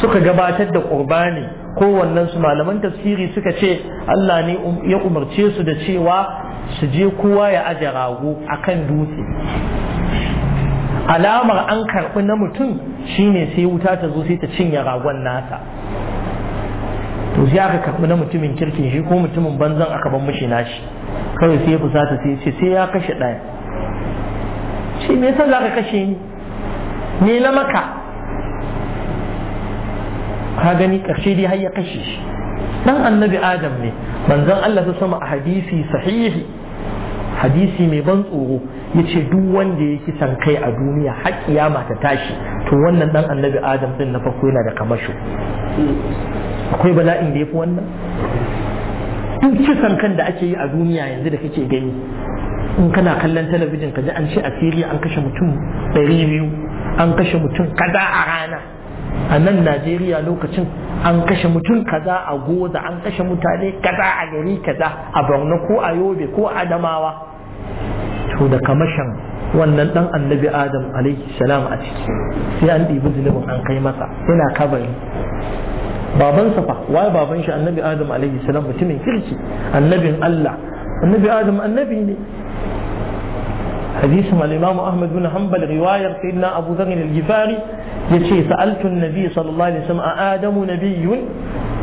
suka gabatar da qurbani kowannen su malaman tafsiri suka ce Allah ne um-, ya umarce su da cewa su je kowa ya aje rago akan dutse alamar an karɓi na mutum shine sai wuta ta zo sai ta cinye ragon nasa to sai aka karɓi na mutumin kirkin shi ko mutumin banzan aka ban mushi nashi kawai sai ya fusata sai ce sai ya kashe ɗaya shi me yasa za ka kashe ni me na maka ka gani ƙarshe dai har ya kashe shi dan annabi adam ne manzon Allah ta sama a hadisi sahihi hadisi mai ban tsoro yace duk wanda ya kisan kai a duniya har kiyama ta tashi to wannan dan annabi adam din na farko yana da kamasho akwai bala'in da yafi wannan duk kisan kan da ake yi a duniya yanzu da kake gani in kana kallon talabijin ka ji an ce a syria an kashe mutum ɗari biyu an kashe mutum kaza a rana a nan najeriya lokacin an kashe mutum kaza a goza an kashe mutane kaza a gari kaza a borno ko a yobe ko a adamawa wato da kamashin wannan dan annabi adam alaihi salam a ciki sai an ɗibi zunubin an kai masa yana kabari sa fa wai baban shi annabi adam alaihi salam mutumin kirki annabin allah annabi adam annabi ne حديث الإمام أحمد بن حنبل رواية سيدنا أبو ذر الجفاري يشي سألت النبي صلى الله عليه وسلم آدم نبي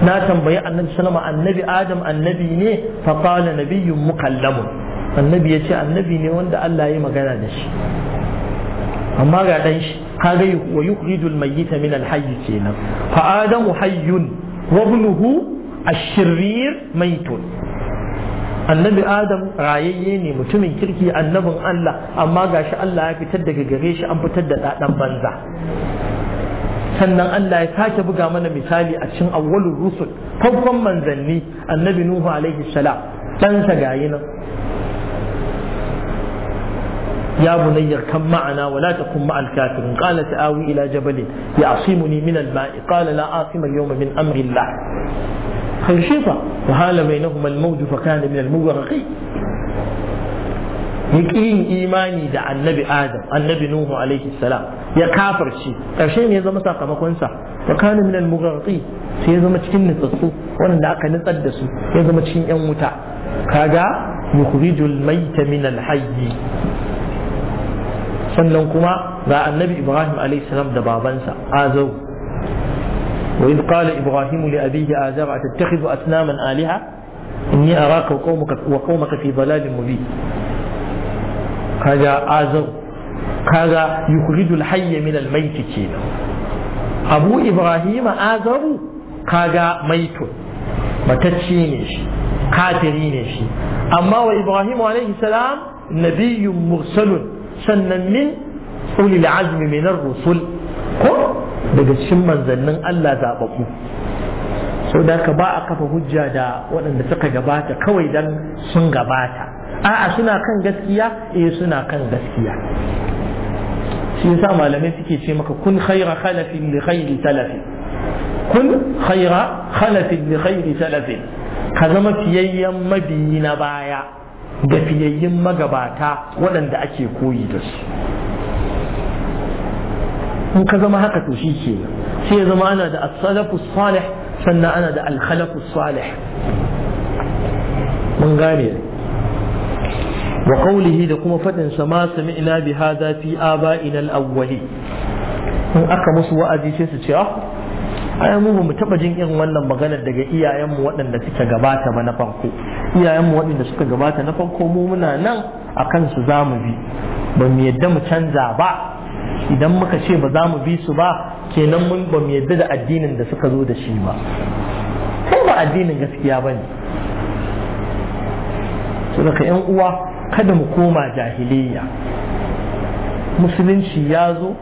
لا تنبيع النبي صلى الله عليه وسلم النبي آدم النبي فقال نبي مكلم annabi ya ce annabi ne wanda Allah ya magana da shi amma ga dan shi kaga wa yukhrijul mayyita min al-hayy kenan fa adamu hayyun wa ibnuhu ash-shirrir maytun annabi adam rayayye ne mutumin kirki annabin Allah amma gashi Allah ya fitar daga gare shi an fitar da ɗaɗan banza sannan Allah ya sake buga mana misali a cikin awwalul rusul farkon manzanni annabi nuhu alaihi salam ɗansa gayi nan يا بني اركب معنا ولا تكن مع الكافرين قال سآوي إلى جبل يعصمني من الماء قال لا عاصم اليوم من أمر الله فانشطا وهال بينهما الموج فكان من المغرقين yaƙin imani da annabi adam annabi nuhu alaihi ya kafarci ƙarshe ne ya zama sakamakonsa wa kana min al-mugharqi sai ya zama cikin nutsatsu wanda aka nutsar da su ya zama cikin yan wuta kaga yukhrijul mayta min al sannan kuma ga annabi ibrahim alayhi salam da babansa azau وإذ قال إبراهيم لأبيه آزر أتتخذ أصناما آلهة إني أراك وقومك, وقومك في ضلال مبين هذا آزر هذا يخرج الحي من الميت كينا أبو إبراهيم آزر كاغا ميت متتشينيش كاترينيش أما وإبراهيم عليه السلام نبي مرسل sannan min ulil azmi min ar-rusul ko daga cikin manzannin Allah zababu sau da ka ba a kafa hujja da waɗanda suka gabata kawai dan sun gabata a'a suna kan gaskiya eh suna kan gaskiya shi yasa malamai suke ce maka kun khaira khalafin li khairi talafin kun khaira khalafin li khairi ka zama fiyayyen mabiyi na baya da fiyayyin magabata waɗanda ake koyi da su in ka zama haka to shi ke sai ya zama ana da as-salafus salih sannan ana da al-khalafus salih mun gane wa qawlihi da kuma fadin sa ma sami'na bi hadha fi aba'ina al-awwali in aka musu wa'azi sai su ce ah ai mu mu taba jin irin wannan maganar daga iyayenmu waɗanda suka gabata ba na farko iyayenmu waɗanda suka gabata na farko mu muna nan a kansu za mu bi ba mu yadda mu canza ba idan muka ce ba za mu bi su ba kenan mun ba mu yadda da addinin da suka zo da shi ba kai ba addinin gaskiya ba ne daga yan uwa kada mu koma jahiliya musulunci ya zo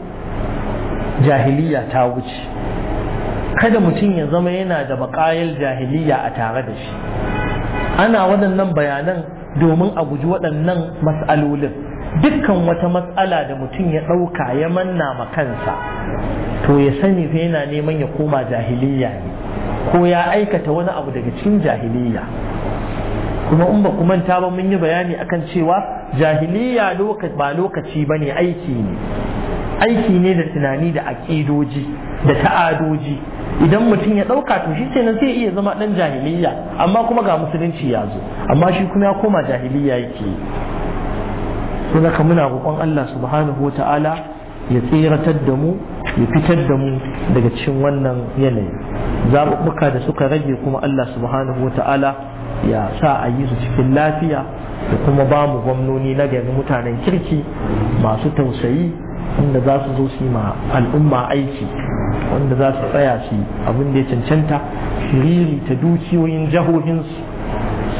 jahiliya ta wuce kada mutum ya zama yana da bakayar jahiliya a tare da shi ana waɗannan bayanan domin a guji waɗannan matsalolin dukkan wata matsala da mutum ya ɗauka ya manna ma kansa to ya sani sai yana neman ya koma jahiliya ne ko ya aikata wani abu daga cikin jahiliya kuma in ba manta ba mun yi bayani akan cewa jahiliya ba lokaci ba ne aiki ne aiki ne da tunani da aƙidoji da ta'adoji idan mutum ya ɗauka to shi kenan zai iya zama ɗan jahiliya amma kuma ga musulunci ya zo amma shi kuma ya koma jahiliya yake to zaka muna roƙon Allah subhanahu wa ta'ala ya tsiratar da mu ya fitar da mu daga cikin wannan yanayi zaɓuɓɓuka da suka rage kuma Allah subhanahu wa ta'ala ya sa a yi su cikin lafiya da kuma ba mu gwamnoni na gari mutanen kirki masu tausayi inda za su zo su yi ma al'umma aiki wanda za su tsaya shi abin da ya cancanta riri ta dukiyoyin jahohinsu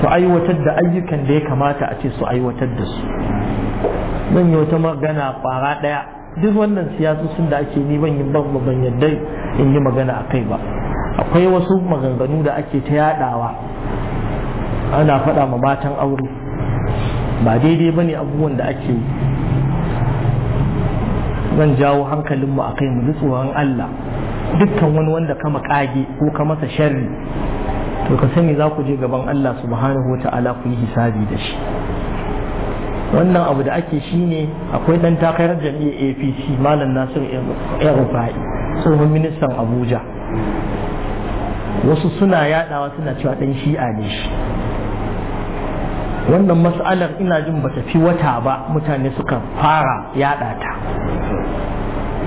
su aiwatar da ayyukan da ya kamata a ce su aiwatar da su zan yi wata magana kwara ɗaya duk wannan sun da ake ni ban yi ban yadda in yi magana a kai ba akwai wasu maganganu da ake ta yadawa ana faɗa ma matan aure ba daidai ba ne abubuwan da ake zan jawo hankalinmu a kai mu ji tsoron Allah dukkan wani wanda ka makage ko ka masa sharri to ka sani za ku je gaban Allah subhanahu wa ta'ala ku yi hisabi da shi wannan abu da ake shi ne akwai dan takarar jami'a apc malam nasir ya rufai tsohon ministan abuja wasu suna yadawa suna cewa dan shi'a ne shi wannan mas'alar ina jin ba ta fi wata ba mutane suka fara yada ta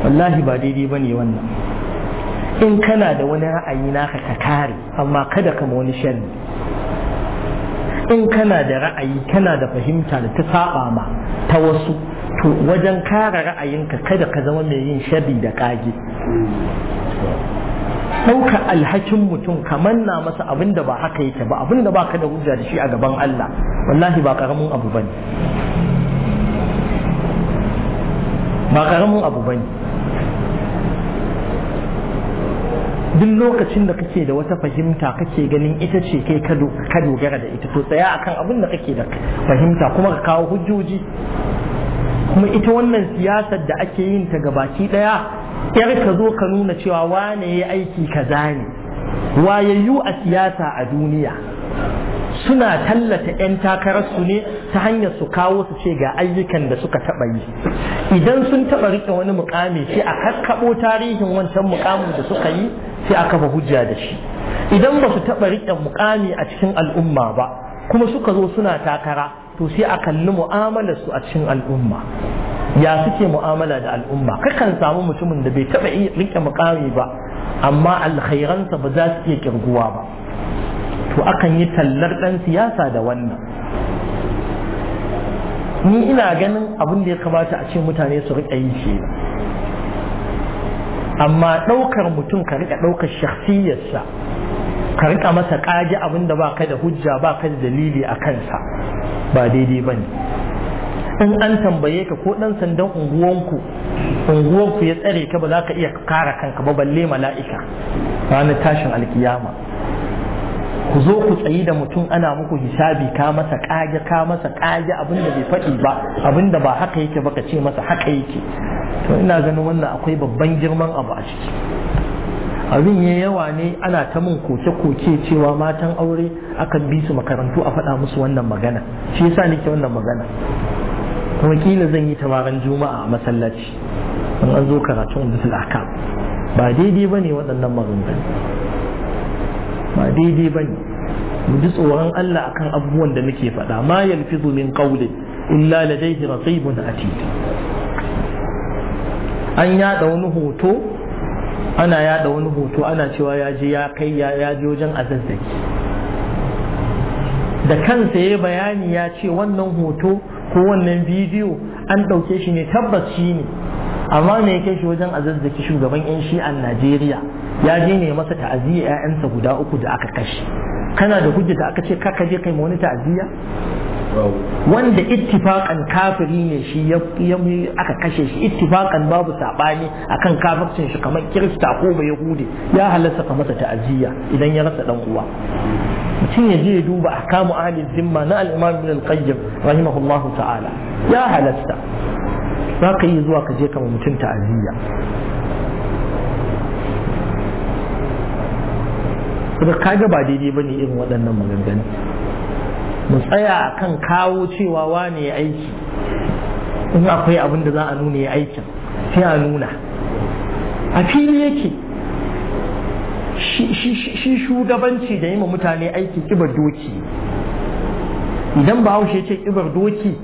wallahi ba daidai ba ne wannan in kana da wani ra'ayi naka ka kare amma kada ka wani sharri in kana da ra'ayi kana da fahimta da ta saba ma ta wasu to wajen kare ra'ayinka kada ka zama mai yin sharri da kage ɗauka alhakin mutum kamar na masa abin da ba haka yake ba abin da ba ka da hujja da shi a gaban Allah wallahi ba karamin abu bane ba karamin abu bane duk lokacin da kake da wata fahimta kake ganin ita ce kai ka dogara da ita to tsaya akan abin da kake da fahimta kuma ka kawo hujjoji kuma ita wannan siyasar da ake yin ta gabaki daya yar ka zo ka nuna cewa wane ya aiki kaza ne wayayyu a siyasa a duniya suna tallata 'yan takararsu ne ta hanyar su kawo su ce ga ayyukan da suka taɓa yi idan sun taɓa riƙe wani mukami sai a kakkaɓo tarihin wancan mukamin da suka yi sai a kafa hujja da shi idan ba su taɓa riƙe mukami a cikin al'umma ba kuma suka zo suna takara to sai a kalli mu'amalar su a cikin al'umma ya suke mu'amala da al'umma kakan samu mutumin da bai taɓa riƙe mukami ba amma alkhairansa ba za su iya kirguwa ba to akan yi tallar ɗan siyasa da wannan ni ina ganin abin da ya kamata a ce mutane su riƙa yi shi amma ɗaukar mutum ka riƙa ɗaukar shakhsiyarsa ka riƙa masa ƙaji abin da ka da hujja ba ka da dalili a kansa ba daidai ba ne in an tambaye ka ko ɗan sandan unguwanku unguwanku ya tsare ka ba za ka iya kara kanka ba balle mala'ika ranar tashin alkiyama ku zo ku tsayi da mutum ana muku hisabi ka masa kage ka masa kage abinda bai faɗi ba abinda ba haka yake ba ka ce masa haka yake to ina ganin wannan akwai babban girman abu a ciki abin ya yawa ne ana ta mun koke-koke cewa matan aure akan bi su makarantu a faɗa musu wannan magana shi yasa nake wannan magana kuma kila zan yi tabaran juma'a a masallaci in an zo karatu bisul akam ba daidai ba ne waɗannan maganganu ba daidai ba ne mu ji tsoron Allah akan abubuwan da muke faɗa ma yalfizu min qawli illa ladayhi raqibun atid an yada wani hoto ana yada wani hoto ana cewa ya je ya kai ya je wajen azazzaki da kansa ya bayani ya ce wannan hoto ko wannan bidiyo an ɗauke shi ne tabbas shi ne amma me ya kai shi wajen azazzaki shugaban 'yan shi'an najeriya ya je ne masa ta'aziyya ƴaƴansa guda uku da aka kashe kana da hujja da aka ce ka kai ma wani ta'aziyya wanda ittifaqan kafiri ne shi ya aka kashe shi ittifaqan babu sabani akan kafircin shi kamar kirista ko ba yahudi ya halasta ka masa ta'aziyya idan ya rasa dan uwa mutum ya je ya duba ahkamu ahli zimma na al-imam ibn al-qayyim rahimahullahu ta'ala ya halasta za ka yi zuwa ka je kama mutum ta'aziyya kuma ga ba daidai ba ne irin waɗannan maganganu mu tsaya kan kawo cewa wane ya aiki in akwai abin da za a nuna ya aikin sai a nuna a fili yake shi shugabanci da yi ma mutane aiki kibar doki idan ba haushe ce kibar doki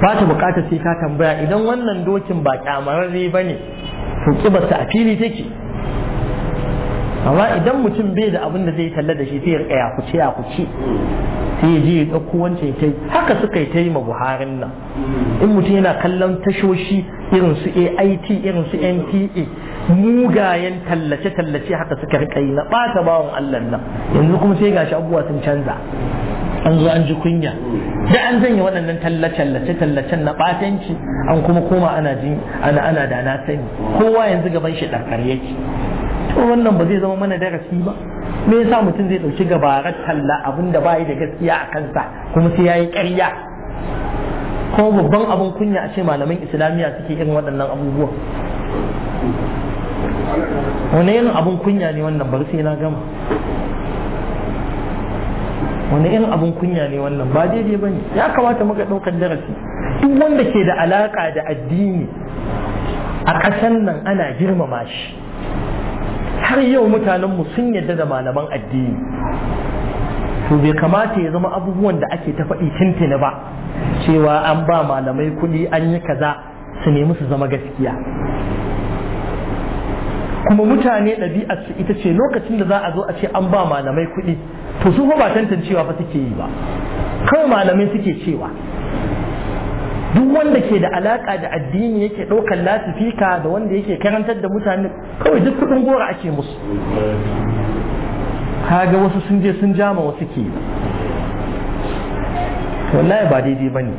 ba ta bukata sai ka tambaya idan wannan dokin ba kyamararre ba ne to ƙibarsa a fili take amma idan mutum bai da abin da zai talla da shi sai ya ya kuce ya kuce sai je ya wancan ya haka suka yi buharin nan in mutum yana kallon tashoshi irin su ait irin su nta mugayen tallace-tallace haka suka rika yi na ɓata bawan allah nan yanzu kuma sai gashi abubuwa sun canza an zo an ji kunya da an zanya waɗannan tallace tallacen na batanci an kuma koma ana jin ana ana da na sani kowa yanzu gaban shi ɗarkar yake to wannan ba zai zama mana darasi ba me yasa mutum zai dauki gabarar talla abinda bai da gaskiya a kansa kuma sai yayi ƙarya ko babban abin kunya a ce malaman islamiyya suke irin waɗannan abubuwa wani irin abin kunya ne wannan bari sai na gama wani irin abin kunya ne wannan ba daidai ba ne ya kamata muka ɗaukar darasi duk wanda ke da alaƙa da addini a ƙasan nan ana girmama shi har yau mutanenmu sun yarda da malaman addini to bai kamata ya zama abubuwan da ake ta faɗi tintini ba cewa an ba malamai kuɗi an yi kaza su nemi su zama gaskiya kuma mutane ɗabi'arsu ita ce lokacin da za a zo a ce an ba malamai kuɗi to su ba tantancewa ba suke yi ba kawai malamai suke cewa duk wanda ke da alaka da addini yake ɗaukar lasifika da wanda yake karantar da mutane kawai duk kudin gora ake musu kaga wasu sun je sun jama wasu ke wallahi ba daidai ba ne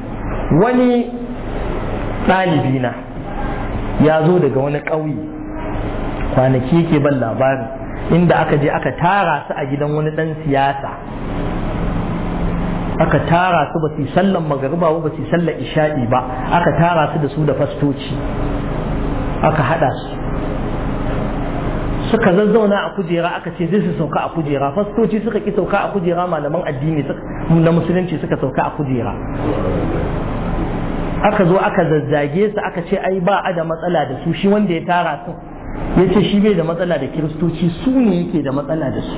wani ɗalibi na ya zo daga wani ƙauye kwanaki yake ban labarin inda aka je aka tara su a gidan wani ɗan siyasa aka tara su ba su sallan magariba ba su sallan isha'i ba aka tara su da su da fastoci aka hada su suka zazzauna a kujera aka ce zai su sauka a kujera fastoci suka ki sauka a kujera malaman addini na musulunci suka sauka a kujera aka zo aka zazzage su aka ce ai ba a da matsala da su shi wanda ya tara su ya ce shi bai da matsala da kiristoci su ne yake da matsala da su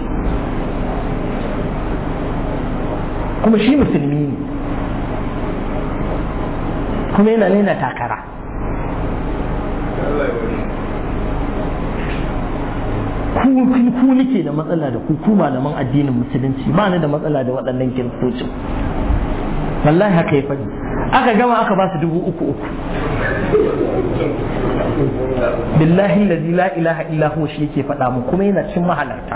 kuma shi musulmi ne kuma yana yana takara ku nike da matsala da ku ku malaman addinin musulunci ba ni da matsala da waɗannan kirkocin wallahi haka ya faɗi aka gama aka ba su dubu uku uku billahi la ilaha illa huwa shi yake faɗa mu kuma yana cin mahalarta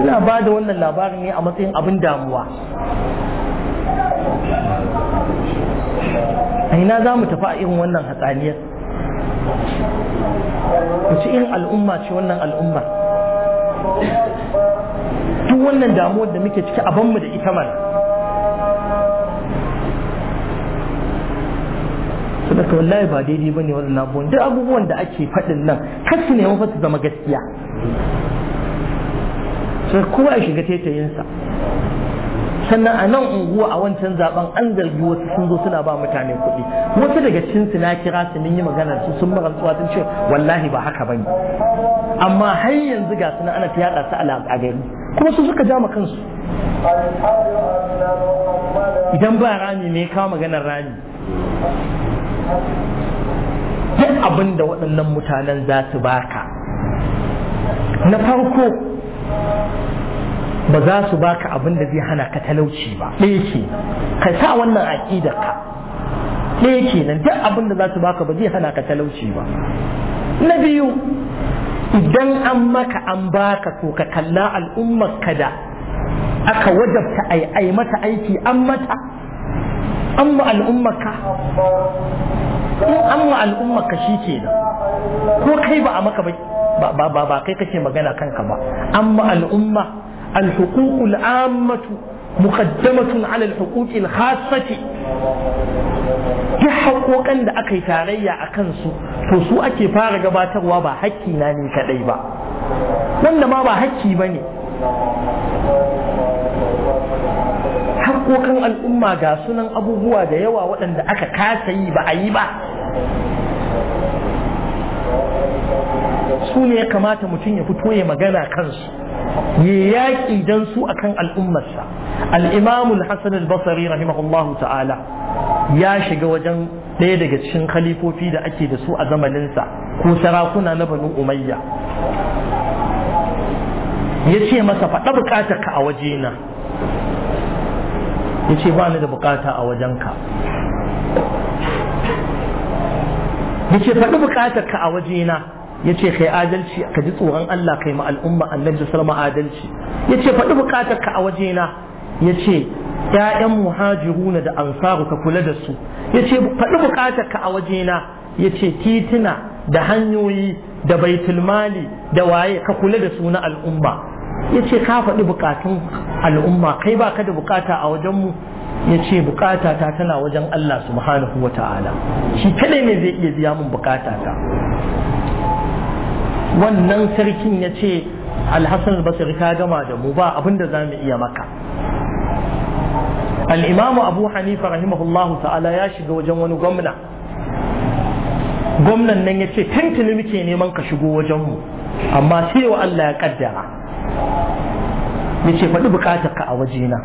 ina ba da wannan labarin ne a matsayin abin damuwa a ina za mu tafi a irin wannan hatsaniyar Ku ci irin al'umma ce wannan al'umma duk wannan damuwar da muke ciki a mu da ita mana sadaka wallahi ba daidai ba ne wannan abubuwan duk abubuwan da ake faɗin nan kasu ne mafasa zama gaskiya sai kowa ya shiga tetayensa sannan a nan unguwa a wancan zaben an zargi wasu sun zo suna ba mutane kuɗi wasu daga cinsu na kira su mun yi magana su sun mara tsuwa sun ce wallahi ba haka bane amma har yanzu ga suna ana fiyaɗa su a gari kuma su suka ja kansu idan ba rami ne kawo maganar rami duk abin da waɗannan mutanen za su baka na farko ba za su baka abin da zai hana ka talauci ba ɗaya ke ka sa wannan aƙidar ka ɗaya ke nan duk abin da za su baka ba zai hana ka talauci ba na biyu idan an maka an baka to ka kalla al'ummar ka da aka wajabta ai ai mata aiki an mata an ma al'ummar ka in an ma al'ummar ka shi ke ko kai ba a maka ba ba ba kai kake magana kanka ba an ma al'umma الحقوق العامة مقدمة على الحقوق الخاصة duk haƙoƙan da aka yi tarayya a kansu to su ake fara gabatarwa ba haƙƙi na ne kaɗai ba wanda ma ba haƙƙi ba ne haƙoƙan al'umma ga sunan abubuwa da yawa waɗanda aka kasa yi ba a yi ba su ne ya kamata mutum ya fito ya magana kansu ya yaƙi don su akan al'ummarsa al'imamul hassan al-basari rahimahullahu ta'ala ya shiga wajen ɗaya daga cikin khalifofi da ake da su a zamaninsa ko sarakuna na banu umayya ya ce masa faɗa buƙatar ka a wajena ya ce ba ni da buƙata a wajenka ya ce faɗi buƙatar ka a wajena yace kai adalci ka ji tsoron Allah kai al'umma annabi da alaihi adalci yace faɗi buƙatar ka a wajena yace ya'yan muhajiruna da ansaru ka kula da su yace faɗi bukatar ka a wajena yace titina da hanyoyi da baitulmali da waye ka kula da su na al'umma yace ka faɗi bukatun al'umma kai ba ka da bukata a wajenmu? mu ya ce ta tana wajen Allah subhanahu wa ta'ala shi kadai ne zai iya biya min buƙata ta wannan sarkin ya ce alhassan basir ka gama da mu ba abinda za mu iya maka al'imamu abu hanifa rahimahullahu ta'ala ya shiga wajen wani gwamna gwamnan nan ya ce tantini muke neman ka shigo wajenmu amma sai wa Allah ya kaddara ya ce faɗi ka a wajena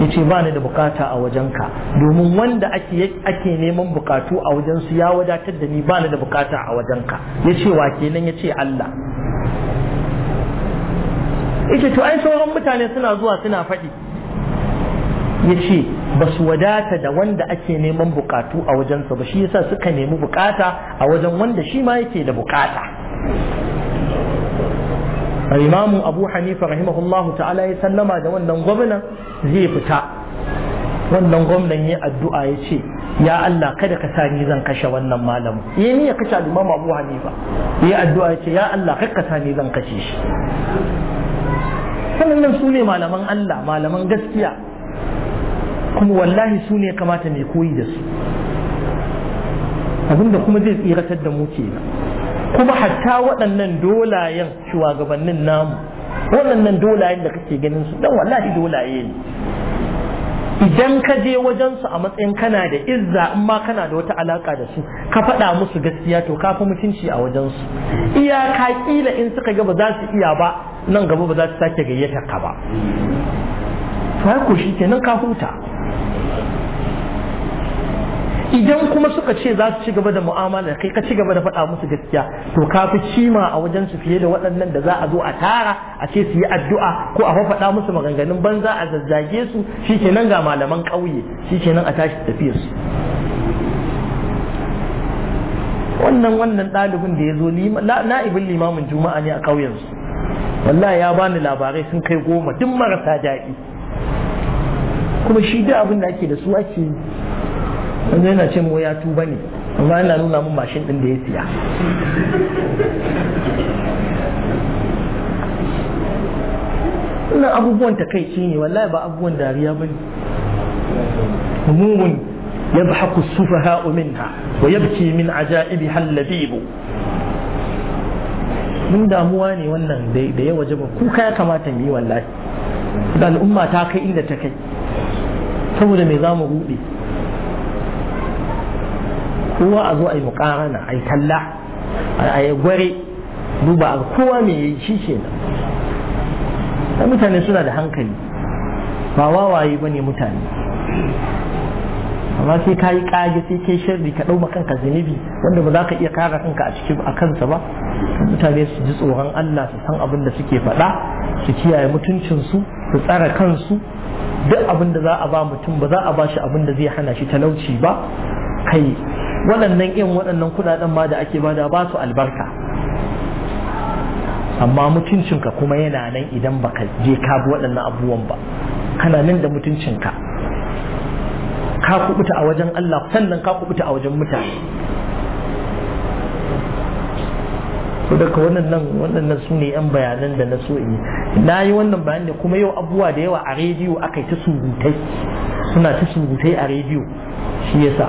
yace ba ni da bukata a wajenka domin wanda ake ake neman bukatu a wajen su ya wadatar da ni ba ni da bukata a wajenka yace wa kenan yace Allah yace to ai sauran mutane suna zuwa suna faɗi yace ba su wadata da wanda ake neman bukatu a wajensa ba shi yasa suka nemi bukata a wajen wanda shi ma yake da bukata imamu abu hanifa rahimahullahu ta'ala ya sallama da wannan gwamnan zai fita wannan gwamnan ya addu'a ya ce ya Allah kada ka sa ni zan kashe wannan malamin ya ni ya kashe al Abu Hanifa ya addu'a ya ce ya Allah kada ka sa ni zan kashe shi sannan su ne malaman Allah malaman gaskiya kuma wallahi su ne kamata mai koyi da su abinda kuma zai tsiratar da mu kenan kuma hatta waɗannan dolayen shugabannin namu waɗannan dolayen da kake ganin su dan wallahi dolaye ne idan ka je wajen su a matsayin kana da izza in ma kana da wata alaka da su ka faɗa musu gaskiya to ka fi mutunci a wajen wajensu iyaka kila in suka ga ba za su iya ba nan gaba ba za su sake gayyata ka ba ko shi kenan ka huta idan kuma suka ce za su ci gaba da mu'amala kai ka ci gaba da faɗa musu gaskiya to ka fi cima a wajen su fiye da waɗannan da za a zo a tara a ce su yi addu'a ko a faɗa musu maganganun banza a zazzage su shikenan ga malaman ƙauye shikenan a tashi tafiyar su wannan wannan ɗalibin da ya zo na'ibin limamin juma'a ne a ƙauyensu. su wallahi ya bani labarai sun kai goma duk marasa daɗi kuma shi da abin da ake da su ake wanda yana ce mu ya tuba ne amma yana nuna mun mashin ɗin da ya siya wannan abubuwan takaici ne wallahi ba abubuwan dariya ba ne mugun يضحك السفهاء منها ويبكي من عجائبها اللبيب mun damuwa ne wannan da ya waje ba kuka ya kamata mu yi wallahi da al'umma ta kai inda ta kai saboda me za mu rude kowa a zo a yi muƙarana a yi talla a yi gware duba a kowa mai yi shi ke nan mutane suna da hankali ba wawaye ba ne mutane amma sai ka yi ƙage sai ke shirri ka ɗauma kanka zunubi wanda ba za ka iya kara kanka a cikin a kansa ba mutane su ji tsoron Allah su san abin da suke faɗa su kiyaye mutuncinsu su tsara kansu duk abin da za a ba mutum ba za a ba shi abin da zai hana shi talauci ba kai waɗannan irin waɗannan kuɗaɗen ma da ake bada ba su albarka amma mutuncinka kuma yana nan idan baka je ka bi waɗannan abubuwan ba kana nan da mutuncinka ka kubuta a wajen Allah sannan ka kubuta a wajen mutane daga wannan waɗannan su ne yan bayanan da na so yi na yi wannan bayan ne kuma yau abubuwa da yawa a rediyo aka yi ta surutai suna ta surutai a rediyo shi yasa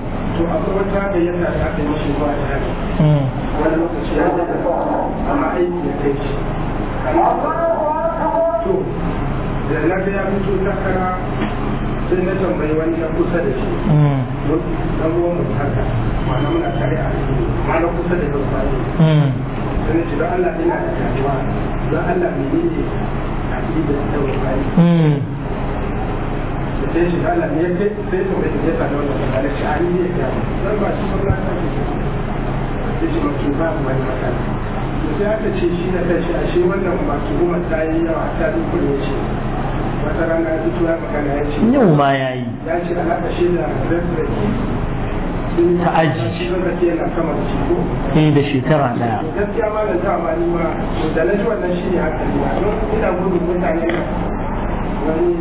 to akwai wata yadda da aka yi shi ba ta hari hmm. wani lokaci ya da amma aiki ya kai shi to da na ga ya fito takara sai na tambayi wani ta kusa da shi don hmm. ruwan mu haka ma'ana muna tare a ma na kusa da yau sai hmm. sai na ce don Allah ina da kasuwa don Allah menene a cikin da ta wani sai aka ce shi na tashi a shi wannan ba goma ta yi yawa ta duk ne ce wata rana ya ya magana ya ce yau ma ya yi ya ce shi da rafraki ta aji eh da shekara daya gaskiya ma da ma da na ji wannan shi ne ina gudun mutane wani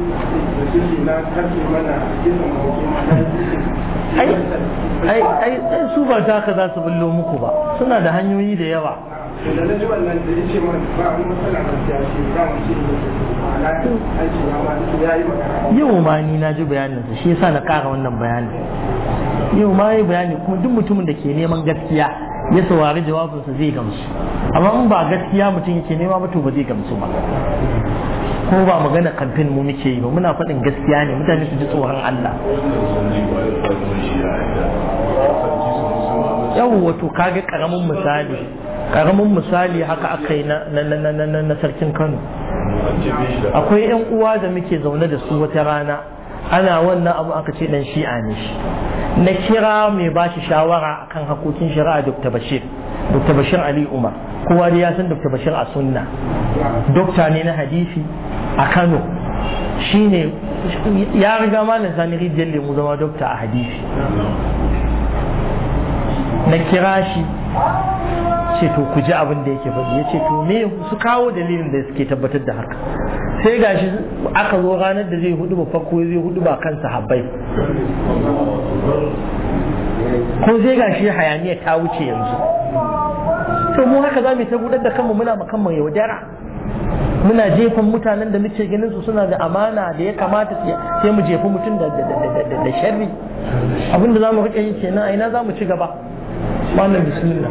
ai su ba ta za su bullo muku ba suna da hanyoyi da yawa da na yau ma ni na ji bayanin shi yasa na kara wannan bayanin yau ma yi bayani kuma duk mutumin da ke neman gaskiya ya saurari jawabinsa zai gamsu amma in ba gaskiya mutum yake nema ba to ba zai gamsu ba ko ba magana kamfen mu muke yi ba muna faɗin gaskiya ne mutane su ji tsoron Allah yau wato kaga karamin misali karamin misali haka aka yi na sarkin Kano akwai 'yan uwa da muke zaune da su wata rana ana wannan abu aka ce dan shi'a ne shi na kira mai ba shi shawara akan hakokin shari'a dr bashir dr bashir ali umar kowa da ya san dr bashir a sunna dokta ne na hadisi a kano shine ya riga malam sani rijiyar lemu zama dokta a hadisi na kira shi ce to ku ji abin da yake faɗi ya ce to me su kawo dalilin da suke tabbatar da haka sai ga shi aka zo ranar da zai hudu ba farko zai hudu ba kansa Habbai. ko sai gashi hayaniya ta wuce yanzu to mu haka za mu ta gudar da kanmu muna makan yaudara muna jefan mutanen da muke ganin su suna da amana da ya kamata sai mu jefa mutum da da sharri abinda za mu rike yi kenan a ina za mu ci gaba wannan bismillah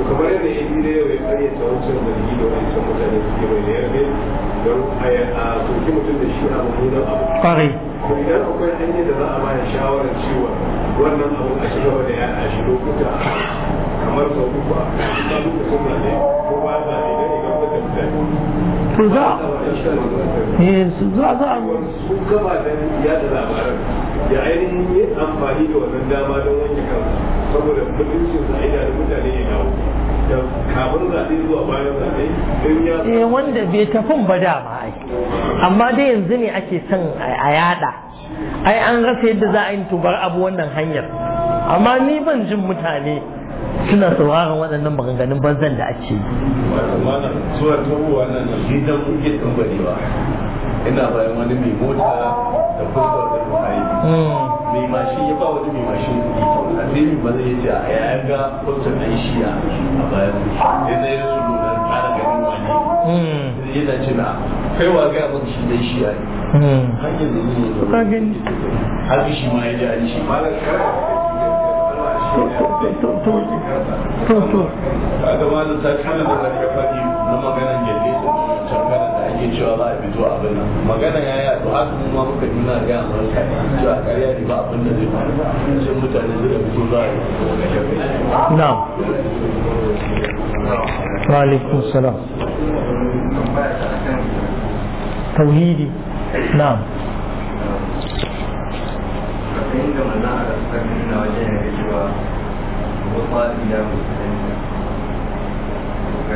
to kamar yadda ya yi da yau ya karyata wancan zargi da wancan mutane suke mai da yarda don a soki mutum da shi a mummunan abu kwarai to idan akwai hanyar da za a baya shawarar cewa wannan abu a shiga wani ya a shi lokuta kamar sau uku a kuma sun zaɓe ko ba zaɓe don idan wata mutane to za za eh, za su gaba da yada labaran ya ainihin yi amfani da wannan dama don wanke kansa saboda kudin sa ina da mutane ya dawo kafin zaɓe zuwa bayan zaɓe in ya eh wanda bai tafin ba da ba ai amma dai yanzu ne ake son a yada ai an rasa yadda za a yi tubar abu wannan hanyar amma ni ban jin mutane suna sauraron waɗannan maganganun banzan da ake yi. suna tohuwa nan gidan kuke ba. ina bayan wani mai mota da kusa da kuma mai mashin ya ba wani mai mashin kuɗi a zai ba zai ce a ya ga wancan ɗan shiya a bayan sai na yi su lura ƙara ganin wani zai yana ce na kai wa ga mun shi ɗan shiya ne har yanzu ne ya zo har shi ma ya ji an shi malar kara to to to to ake cewa ba a fito abin nan magana ya yi yaɗu har kuma muka yi na ga mutane cewa kariya ne ba abin da zai faru shin mutane zai fito za a yi na'am wa salam tauhidi na. inda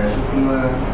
manna kuma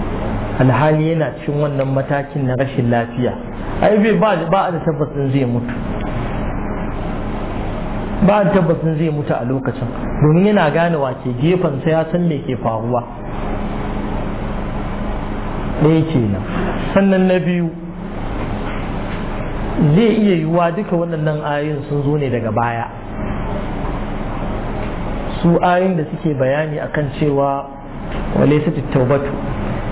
alhali yana cikin wannan matakin na rashin lafiya ai bai ba ba da tabbacin zai mutu ba da tabbacin zai mutu a lokacin domin yana gane wace gefen sai ya san me ke faruwa ɗaya kenan sannan na biyu zai iya yiwuwa duka waɗannan ayoyin sun zo ne daga baya su ayoyin da suke bayani akan cewa wale su tattaubatu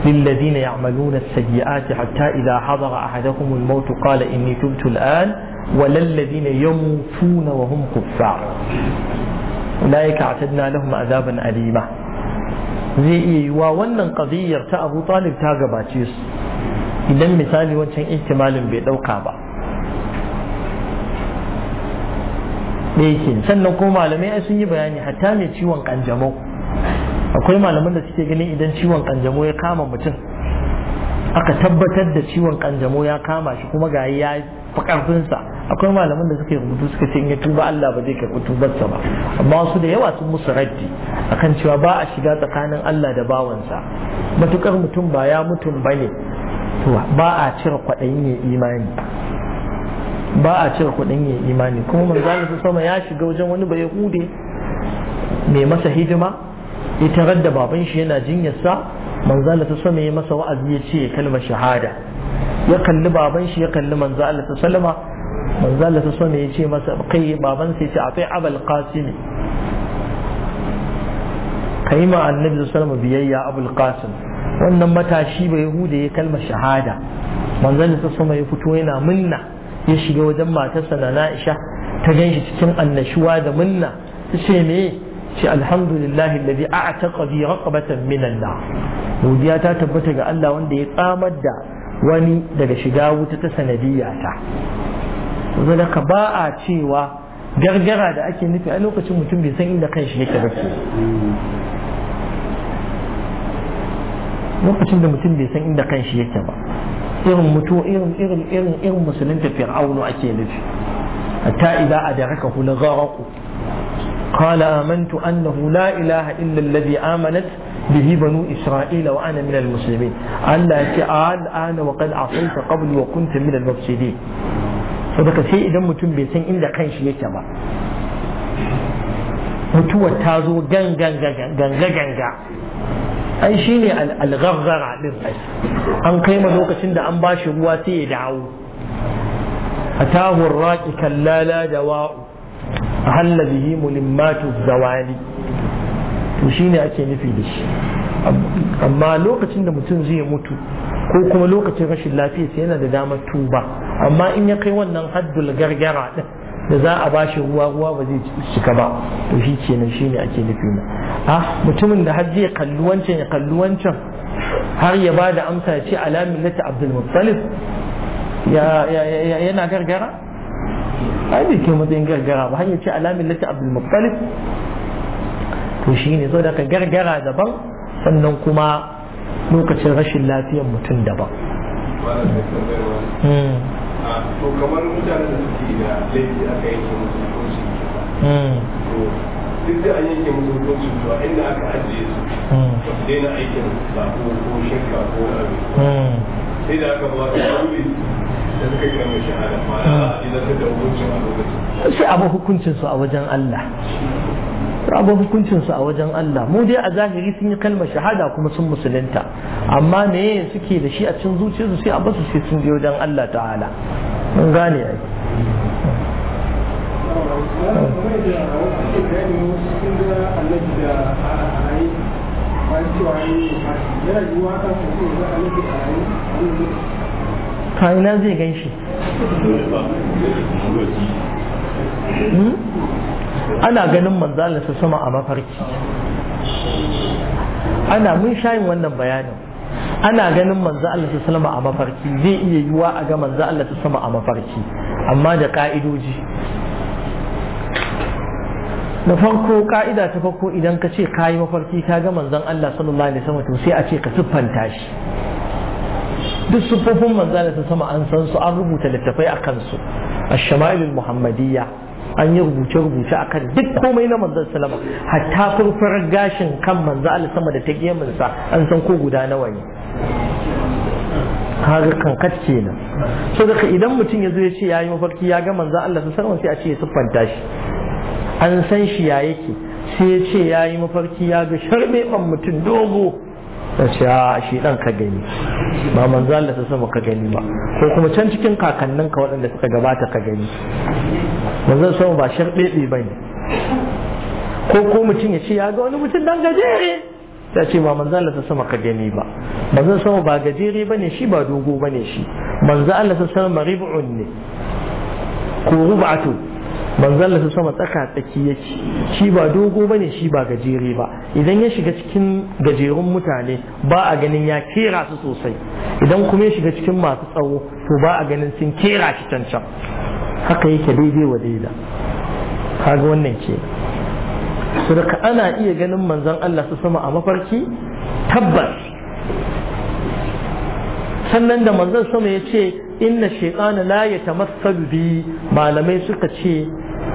للذين يعملون السيئات حتى إذا حضر أحدهم الموت قال إني تبت الآن ولا الذين يموتون وهم كفار أولئك أعتدنا لهم عذابا أليما زي إيه؟ وأن قضية تأبو طالب تاغا باتيس إذا مثالي وانتين احتمال بيت أو كابا لكن سنقوم على مئة سنة بياني حتى ميتي وانقان جموك akwai malaman da suke gani idan ciwon kanjamo ya kama mutum aka tabbatar da ciwon kanjamo ya kama shi kuma ga ya fi karfinsa akwai malaman da suke rubutu suka ce ya tuba Allah ba zai karɓi tubarsa ba amma wasu da yawa sun musu raddi akan cewa ba a shiga tsakanin Allah da bawansa matukar mutum ba ya mutum bane ne ba a cire kwaɗayin ya imani ba a cire kuɗin yin imani kuma manzo su sama ya shiga wajen wani bai hude mai masa hidima ya tarar da baban shi yana jinyarsa manzo Allah ta sallama masa wa'azi ya ce kalmar shahada ya kalli baban shi ya kalli manzo Allah ta sallama manzo Allah ta ya ce masa kai baban sai ce atai abul qasim kai ma annabi sallama biyayya abul qasim wannan matashi bai yahuda ya kalmar shahada manzo Allah ta sallama ya fito yana minna ya shiga wajen matarsa na Aisha ta ganshi cikin annashuwa da minna ta ce me ce alhamdulillah alladhi a'taqa bi raqabatan min an-nar godiya ta tabbata ga Allah wanda ya tsamar da wani daga shiga wuta ta sanadiyya ta wanda ka ba a cewa gargara da ake nufi a lokacin mutum bai san inda kanshi yake ba lokacin da mutum bai san inda kanshi yake ba irin mutu irin irin irin irin musulunta fir'aunu ake nufi hatta idza adaraka hu lagharaqu قال آمنت أنه لا إله إلا الذي آمنت به بنو إسرائيل وأنا من المسلمين أن تعال أنا وقد عصيت قبل وكنت من المفسدين فبقى سيء دم متن بيسن إلا قنش يتبع وتوى تازو جن جن جن جن جن جن أي شيء الغرغر على الرئيس أن قيمة لوكا سند أن باش رواتي دعو أتاه الراكي كاللا لا دواؤ halla bihi mulimmatu zawali to shine ake nufi da shi amma lokacin da mutum zai mutu ko kuma lokacin rashin lafiya sai yana da damar tuba amma in ya kai wannan haddul gargara din da za a bashi ruwa ruwa ba zai cika ba to shi kenan shine ake nufi mu. a mutumin da har zai kalli wancan ya kalli wancan har ya ba da amsa ya ce alamin lati abdul muttalib yana gargara ai bai matsayin gargara ba hanyar ya ce alamin lati abdul muttalib to shi ne so daga gargara daban sannan kuma lokacin rashin lafiyar mutum daban hmm. to kamar mutane da suke da laifi aka yanke musu hukunci hmm. to duk da an yanke musu hukunci to inda aka ajiye su hmm. ba su daina aikin sako ko shakka ko abin sai da aka ba su sai abu hukuncinsu a wajen Allah abu hukuncinsu a wajen Allah mu dai a zahiri sun yi kalmar shahada kuma sun musulunta amma me suke da shi a cin zuciyarsu sai a basu sai sun je wajen Allah ta'ala mun gane ai yana ta zai gan shi hmm? ana ganin manzala su sama a mafarki ana mun shayin wannan bayanin ana ganin manzo Allah sama a mafarki zai iya yiwa a ga manzo Allah sama a mafarki amma da ka'idoji da farko ka'ida ta farko idan ka ce kayi mafarki ka ga manzon Allah sallallahu alaihi wasallam to sai a ce ka siffanta shi duk sufofin manzan ta sama an san su an rubuta littafai a kansu a shama'ilul muhammadiyya an yi rubuce-rubuce a kan duk komai na manzan salama hatta furfurar gashin kan manzan sama da ta gemunsa an san ko guda nawa ne kaga kankat kenan so daga idan mutum ya zo ya ce ya yi mafarki ya ga manzan Allah su a ce ya siffanta shi an san shi ya yake sai ya ce ya yi mafarki ya ga sharbeban mutum dogo da ce shi dan ka gani ba manzo Allah ta sama ka gani ba ko kuma can cikin kakannin ka waɗanda suka gabata ka gani manzo sama ba sharɗeɗe ba ne ko ko mutum ya ce ya ga wani mutum dan gajere ta ce ba manzo Allah ta sama ka gani ba manzo sama ba gajere ba ne shi ba dogo ba ne shi manzo Allah ta sama rib'un ne ko rub'atu manzon Allah sama tsaka tsaki yake shi ba dogo bane shi ba gajere ba idan ya shiga cikin gajerun mutane ba a ganin ya kera su sosai idan kuma ya shiga cikin masu tsawo to ba a ganin sun kera shi cancan. can haka yake daidai wa daida kaga wannan ke da ana iya ganin manzon Allah su sama a mafarki tabbas sannan da manzon sama ya ce inna shaitana la yatamassalu bi malamai suka ce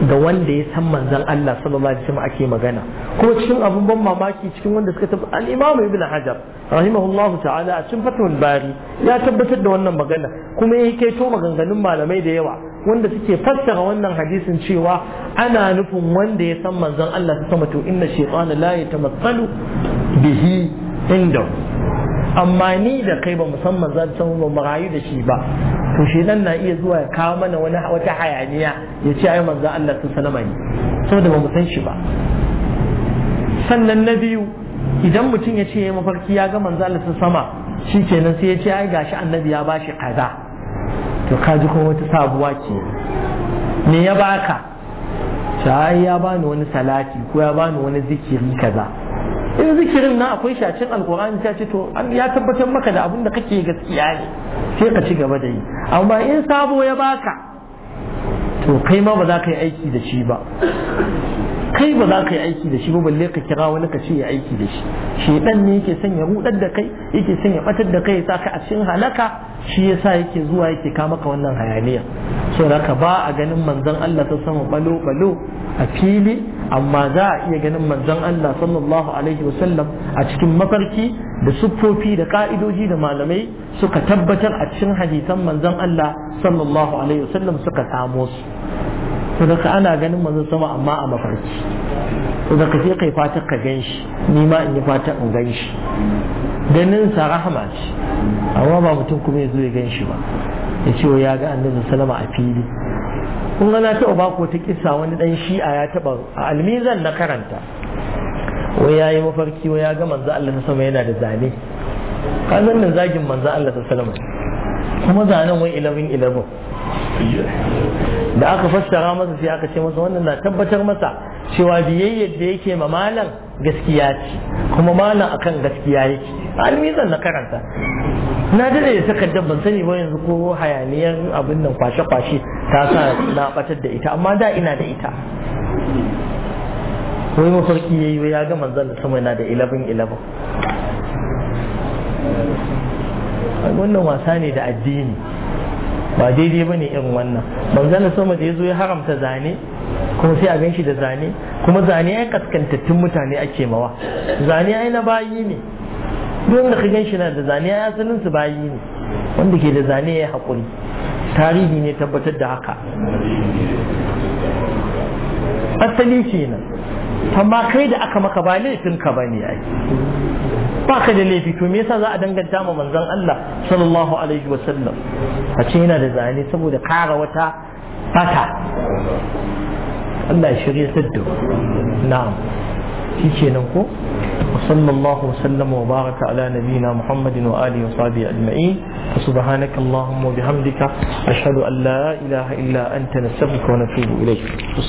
ga wanda ya san manzon Allah sallallahu alaihi wasallam ake magana ko cikin abun ban mamaki cikin wanda suka tafi al-Imam Ibn Hajar rahimahullahu ta'ala a cikin Fathul Bari ya tabbatar da wannan magana kuma ya kai to maganganun malamai da yawa wanda suke fassara wannan hadisin cewa ana nufin wanda ya san manzon Allah sallallahu alaihi wasallam to inna shaytana la yatamassalu bihi inda amma ni da kai ba musamman za ta mu marayu da shi ba to shi nan na iya zuwa ya kawo mana wani wata hayaniya ya ce ai manzo Allah sun sanama ni saboda ba mu san shi ba sannan na biyu idan mutum ya ce ya mafarki ya ga manzo Allah sun sama shi kenan sai ya ce ai gashi annabi ya bashi kaza to ka ji kuma wata sabuwa ce me ya baka ta ya bani wani salati ko ya bani wani zikiri kaza in zikirin na akwai shacin alkur'ani ta ce to ya tabbatar maka da abin da kake gaskiya ne sai ka ci gaba da yi amma in sabo ya baka to kai ma ba za ka yi aiki da shi ba kai ba za ka yi aiki da shi ba balle ka kira wani ka ce ya aiki da shi shedan ne yake son ya rudar da kai yake son ya batar da kai ya sa ka a cikin halaka shi yasa yake zuwa yake ka maka wannan hayaniya so da ka ba a ganin manzon Allah ta sama balo balo a fili amma za a iya ganin manzon Allah sallallahu alaihi wasallam a cikin mafarki da siffofi da ka'idoji da malamai suka tabbatar a cikin hadisan manzon Allah sallallahu alaihi wasallam suka samo su saboda ana ganin manzon sama amma a mafarki to ka sai kai fata ka ganshi ni ma in yi fata in ganshi ganin sa rahama ce amma ba mutum kuma ya zo ya ganshi ba ya ce ya ga annabi sallama a fili kun ga na taɓa bako ta kisa wani ɗan shi'a ya taɓa a almizan na karanta wai yayi mafarki wai ya ga manzo Allah ta sama yana da zane ka nan zagin manzo Allah ta sama kuma zanen wai ilabin ilabin da aka fassara masa sai aka ce masa wannan na tabbatar masa cewa biyayyar da yake ma malam gaskiya ce kuma malam akan gaskiya yake zan na karanta na dade da takardar ban sani ba yanzu ko hayaniyar abin nan kwashe-kwashe ta sa na batar da ita amma da ina da ita wai mafarki ya yi ya ga manzon da sama yana da 11-11 wannan wasa ne da addini ba daidai ba ne irin wannan Ba mu zana sama da ya zo ya haramta zane kuma sai a gan da zane kuma zane yi kaskantattun mutane ake mawa zane ai na bayi ne duk da ka gan na da zane ya asalin su bayi ne wanda ke da zane ya haƙuri tarihi ne tabbatar da haka asali kenan amma kai da aka maka ba laifin ka ne. ai ba ka da laifi to me yasa za a danganta ma manzon Allah sallallahu alaihi wa sallam a ce yana da zane saboda kara wata fata Allah ya shirya sadda na'am shi kenan ko وصلى الله وسلم وبارك على نبينا محمد وآله وصحبه أجمعين فسبحانك اللهم وبحمدك أشهد أن لا إله إلا أنت نستغفرك ونتوب إليك